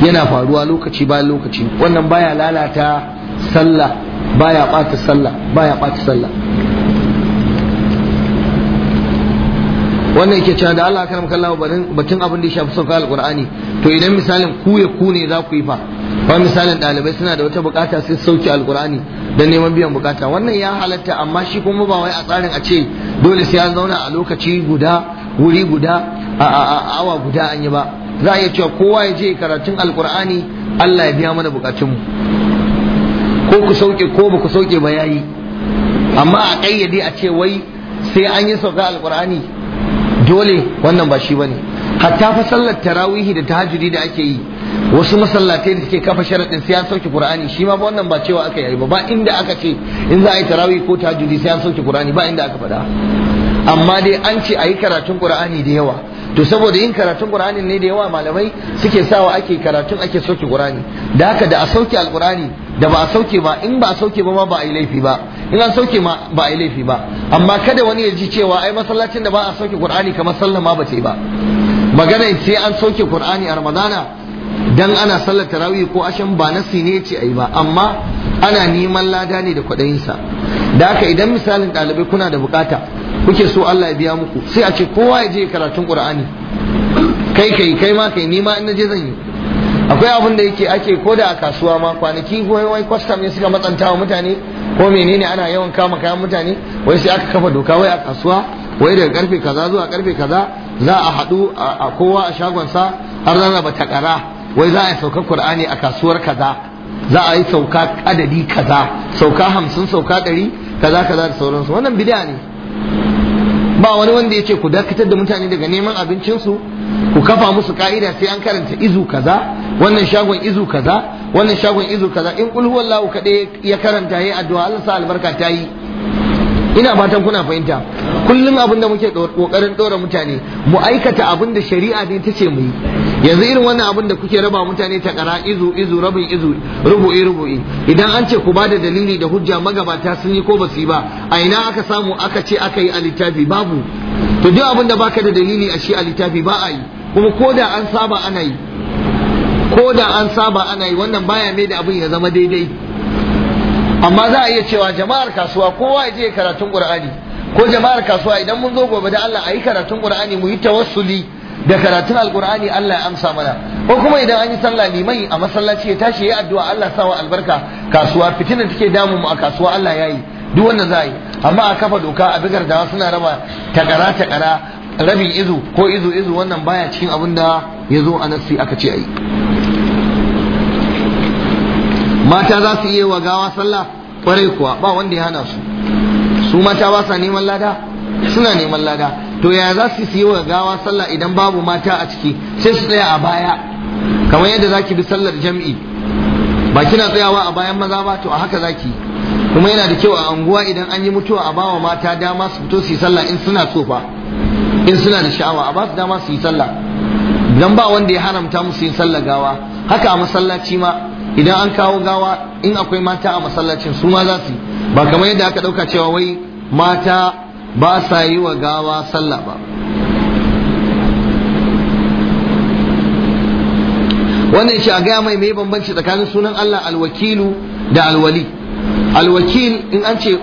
yana faruwa lokaci bayan lokaci wannan baya lalata sallah baya bata sallah baya ɓata sallah wannan yake cewa da Allah karam kallahu barin batun abin da ya shafi sauka alqur'ani to idan misalin ku ya ku ne za ku yi fa ba misalin dalibai suna da wata bukata sai sauke alqur'ani da neman biyan bukata wannan ya halatta amma shi kuma ba wai a tsarin a ce dole sai ya zauna a lokaci guda wuri guda a awa guda an yi ba za a iya cewa kowa ya je karatun alqur'ani Allah ya biya mana bukatunmu ko ku sauke ko ba ku sauke ba yayi amma a kayyade a ce wai sai an yi sauka alqur'ani dole wannan ba shi bane hatta fa sallar tarawihi da tahajjudi da ake yi wasu masallatai da suke kafa sharadin sai an sauke qur'ani shi ma wannan ba cewa aka yi ba ba inda aka ce in za a yi tarawihi ko tahajjudi sai an sauke qur'ani ba inda aka faɗa amma dai an ce a yi karatun qur'ani da yawa to saboda in karatun qur'anin ne da yawa malamai suke sawa ake karatun ake sauke qur'ani da haka da a sauke alqur'ani da ba a sauke ba in ba a sauke ba ma ba a yi laifi ba in an sauke ma ba a yi laifi ba amma kada wani ya ji cewa ai masallacin da ba a sauke qur'ani kamar sallah ma bace ba magana sai an sauke qur'ani a ramadana dan ana sallar tarawih ko ashan ba nasi ne ce ai ba amma ana neman lada ne da kwaɗayin sa da haka idan misalin ɗalibai kuna da bukata kuke so Allah ya biya muku sai a ce kowa ya je karatun qur'ani kai kai kai ma kai ni ma in je zan yi akwai abin da yake ake ko da a kasuwa ma kwanaki ko wai kwastam ne suka matsanta wa mutane ko menene ana yawan kama kayan mutane wai sai aka kafa doka wai a kasuwa wai daga karfe kaza zuwa karfe kaza za a hadu a kowa a shagonsa har rarraba takara wai za a sauka qur'ani a kasuwar kaza za a yi sauka adadi kaza sauka hamsin sauka ɗari kaza kaza da sauransu wannan bid'a ne ba wani wanda ya ce ku dakatar da mutane daga neman abincinsu ku kafa musu ka'ida sai an karanta izu kaza wannan shagon izu kaza wannan shagon izu kaza in kul huwallahu kaɗai ya karanta yayi addu'a Allah sa albarka ta yi ina fatan kuna fahimta kullum abin da muke kokarin dora mutane mu aikata abin da shari'a ne ta ce mu yi yanzu irin wannan abin da kuke raba mutane ta kara izu izu rabin izu rubu'i rubu'i idan an ce ku bada dalili da hujja magabata sun yi ko ba su yi ba a ina aka samu aka ce aka yi a littafi babu to duk abin da baka da dalili a shi a littafi ba a yi kuma ko da an saba ana yi ko an saba ana yi wannan baya mai da abin ya zama daidai amma za a iya cewa jama'ar kasuwa kowa ya je karatun qur'ani ko jama'ar kasuwa idan mun zo gobe da Allah a yi karatun qur'ani mu yi tawassuli da karatun alkur'ani Allah ya amsa mana ko kuma idan an yi sallah limai a masallaci ya tashi ya addu'a Allah sawa albarka kasuwa fitinan take damu mu a kasuwa Allah ya yi duk wanda za yi amma a kafa doka a bigar dawa suna raba takara takara rabi izu ko izu izu wannan baya cikin abin da ya zo a nassi aka ce ai mata za su iya wa gawa sallah kwarai kuwa ba wanda ya hana su su mata ba sa neman lada suna neman lada to ya za su yi wa gawa sallah idan babu mata a ciki sai su tsaya a baya kamar yadda zaki bi sallar jami'i. ba kina tsayawa a bayan maza ba to a haka zaki kuma yana da kyau a unguwa idan an yi mutuwa a bawa mata dama su fito su yi sallah in suna so fa in suna da sha'awa a ba su dama su yi sallah dan ba wanda ya haramta musu yin sallah gawa haka a masallaci ma idan an kawo gawa in akwai mata a masallacin su ma za su ba kamar yadda aka dauka cewa wai mata ba sa yi wa gawa sallah ba wannan shi a gaya mai mai bambanci tsakanin sunan Allah alwakilu da alwali alwakil in an ce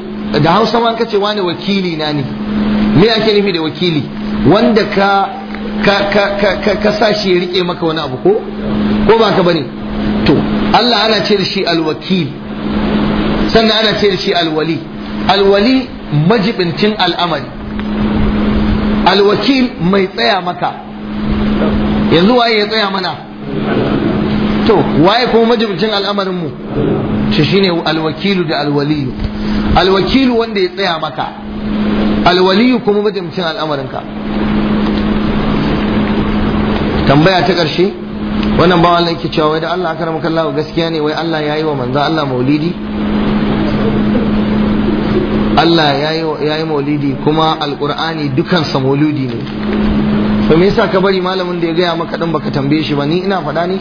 da hausa ma kace wani wakili na ne me ake nufi da wakili wanda ka ka ka ka ka sa shi ya rike maka wani abu ko ko ba ka bane to Allah ana ce da shi alwakil sannan ana ce da shi alwali alwali majibincin al'amari alwakil mai tsaya maka yanzu waye ya tsaya mana to waye kuma majibincin al'amarin mu shi shine alwakilu da alwaliyu alwakilu wanda ya tsaya maka alwaliyu kuma majibincin al'amarinka tambaya ta ƙarshe wannan bawan Allah yake cewa wai da Allah aka ramu gaskiya ne wai Allah ya yi wa manzo Allah maulidi Allah ya yi maulidi kuma alkur'ani dukansa mauludi ne to me yasa ka bari malamin da ya gaya maka dan baka tambaye shi ba ni ina faɗa ne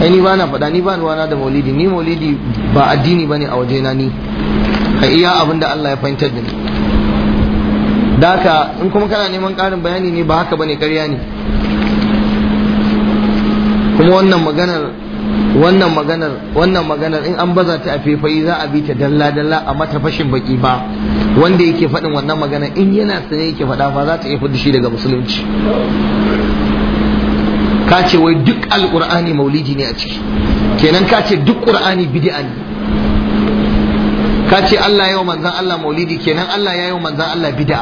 ai ni na faɗa ni ba ruwana da maulidi ni maulidi ba addini ne a wajena ni ka iya abin da Allah ya fahimtar da ni daka in kuma kana neman ƙarin bayani ne ba haka bane ƙarya ne kuma wannan maganar wannan maganar wannan maganar in an baza ta a za a bi ta dalla dalla a mata fashin baki ba wanda yake faɗin wannan maganar in yana sane yake faɗa ba za ta iya fudu shi daga musulunci ka ce wai duk alƙur'ani maulidi ne a ciki kenan ka ce duk ƙur'ani bid'a ne ka ce Allah yau manzan Allah maulidi kenan Allah ya yau manzan Allah bid'a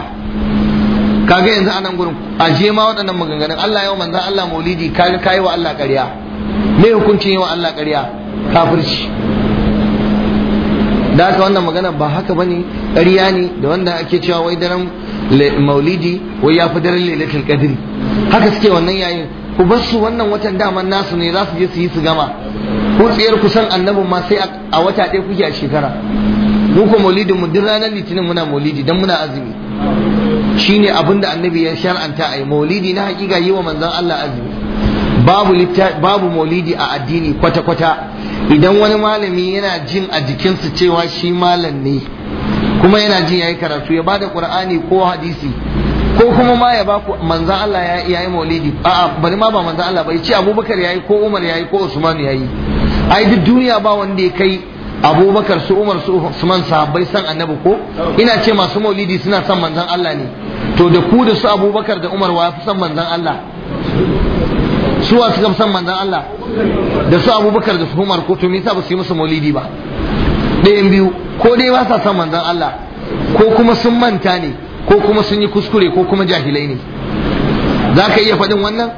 kaga yanzu anan gurin aje ma waɗannan maganganun Allah yau manzan Allah maulidi kaga kayi wa Allah ƙarya Mai hukuncin yawa Allah ƙarya kafirci da haka wannan magana ba haka bane ƙarya ne da wanda ake cewa wai daren maulidi wai ya fi daren lailatul qadri haka suke wannan yayin ku bar su wannan watan daman nasu ne za su je su yi su gama ku tsayar ku annabin ma sai a wata ɗaya kuke a shekara mu ko mu duk ranar litinin muna maulidi dan muna azumi shine ne annabi ya shar'anta a yi maulidi na hakika yi wa manzon Allah azumi babu maulidi a addini kwata-kwata idan wani malami yana jin a jikinsa cewa shi malam ne kuma yana jin ya yi karatu ya bada qur'ani ko hadisi ko kuma ma ya ba ku manzan Allah ya yi maulidi a'a bari ma ba manzan Allah bai ce abubakar ya yi ko umar ya yi ko usman ya yi ai duk duniya ba wanda ya kai abubakar su umar su usman sahabbai san annabi ko ina ce masu maulidi suna son manzan Allah ne to da ku da su abubakar da umar wa fi son manzan Allah su wa suka san manzan Allah da su abubakar da su umar ko to me yasa ba su yi musu maulidi ba ɗayan biyu ko dai ba sa san manzon Allah ko kuma sun manta ne ko kuma sun yi kuskure ko kuma jahilai ne za ka iya faɗin wannan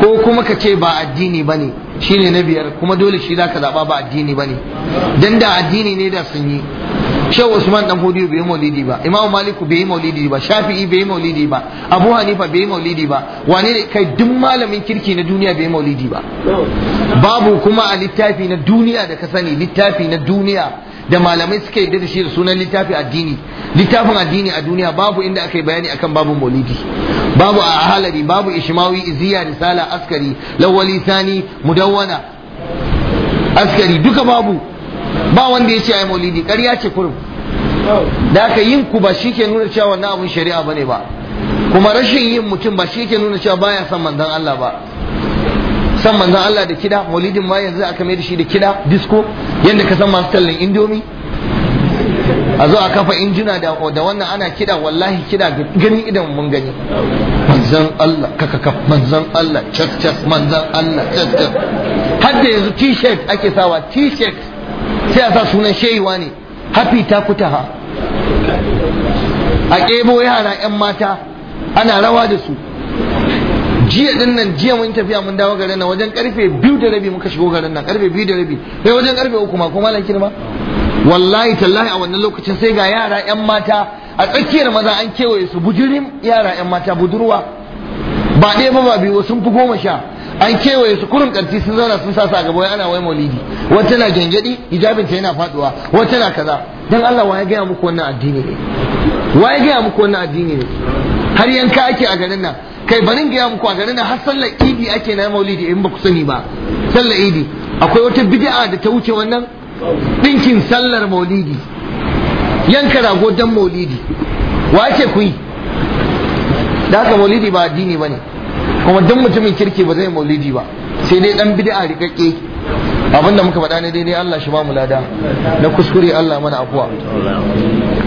ko kuma ka ce ba addini ba ne Shi ne na biyar kuma dole shi za ka zaɓa ba addini ba ne don da addini ne da sun yi shehu usman dan hudu bai maulidi ba imam maliku bai maulidi ba shafi'i bai maulidi ba abu hanifa bai maulidi ba wane ne kai duk malamin kirki na duniya bai maulidi ba babu kuma a littafi na duniya da ka sani littafi na duniya da malamai suka yi da shi da sunan littafi addini littafin addini a duniya babu inda aka yi bayani akan babu maulidi babu a halari babu ishmawi iziya risala askari lawali sani mudawwana askari duka babu ba wanda ya ce ai maulidi ƙarya ce kurum da aka yin ku ba shi ke nuna cewa wannan abun shari'a bane ba kuma rashin yin mutum ba shi ke nuna cewa baya son manzon Allah ba san manzon Allah da kida maulidin ma yanzu aka mai da shi da kida disco yadda ka san masu tallan indomi a zo a kafa injina da da wannan ana kida wallahi kida gani idan mun gani manzon Allah ka manzon Allah cak cak manzon Allah cak cak har yanzu t-shirt ake sawa t-shirt sai a sa sunan shaiwa ne hafi ta kutaha a ƙebo yara 'yan mata ana rawa da su jiya din nan jiya mun tafiya mun dawo garin nan wajen karfe biyu da rabi muka shigo garin nan karfe biyu da rabi sai wajen karfe uku ma ko malam kirma wallahi tallahi a wannan lokacin sai ga yara 'yan mata a tsakiyar maza an kewaye su bujirin yara 'yan mata budurwa ba ɗaya ba ba biyu sun fi goma sha an kewaye su kurin karti sun zauna sun sa su a gaba wai ana wai maulidi wata na gengedi ta yana faduwa wata na kaza dan Allah wa ya gaya muku wannan addini ne wa ya gaya muku wannan addini ne har yanka ake a garin nan kai barin gaya muku a garin nan har sallar idi ake na maulidi in ba ku sani ba sallar idi akwai wata bid'a da ta wuce wannan dinkin sallar maulidi yanka rago dan maulidi wa ake ku yi da haka maulidi ba addini bane kuma duk mutumin kirki ba zai maulidi ba sai dai dan bid'a rikakke abinda muka faɗa ne daidai Allah shi ba mu lada na kuskure Allah mana afuwa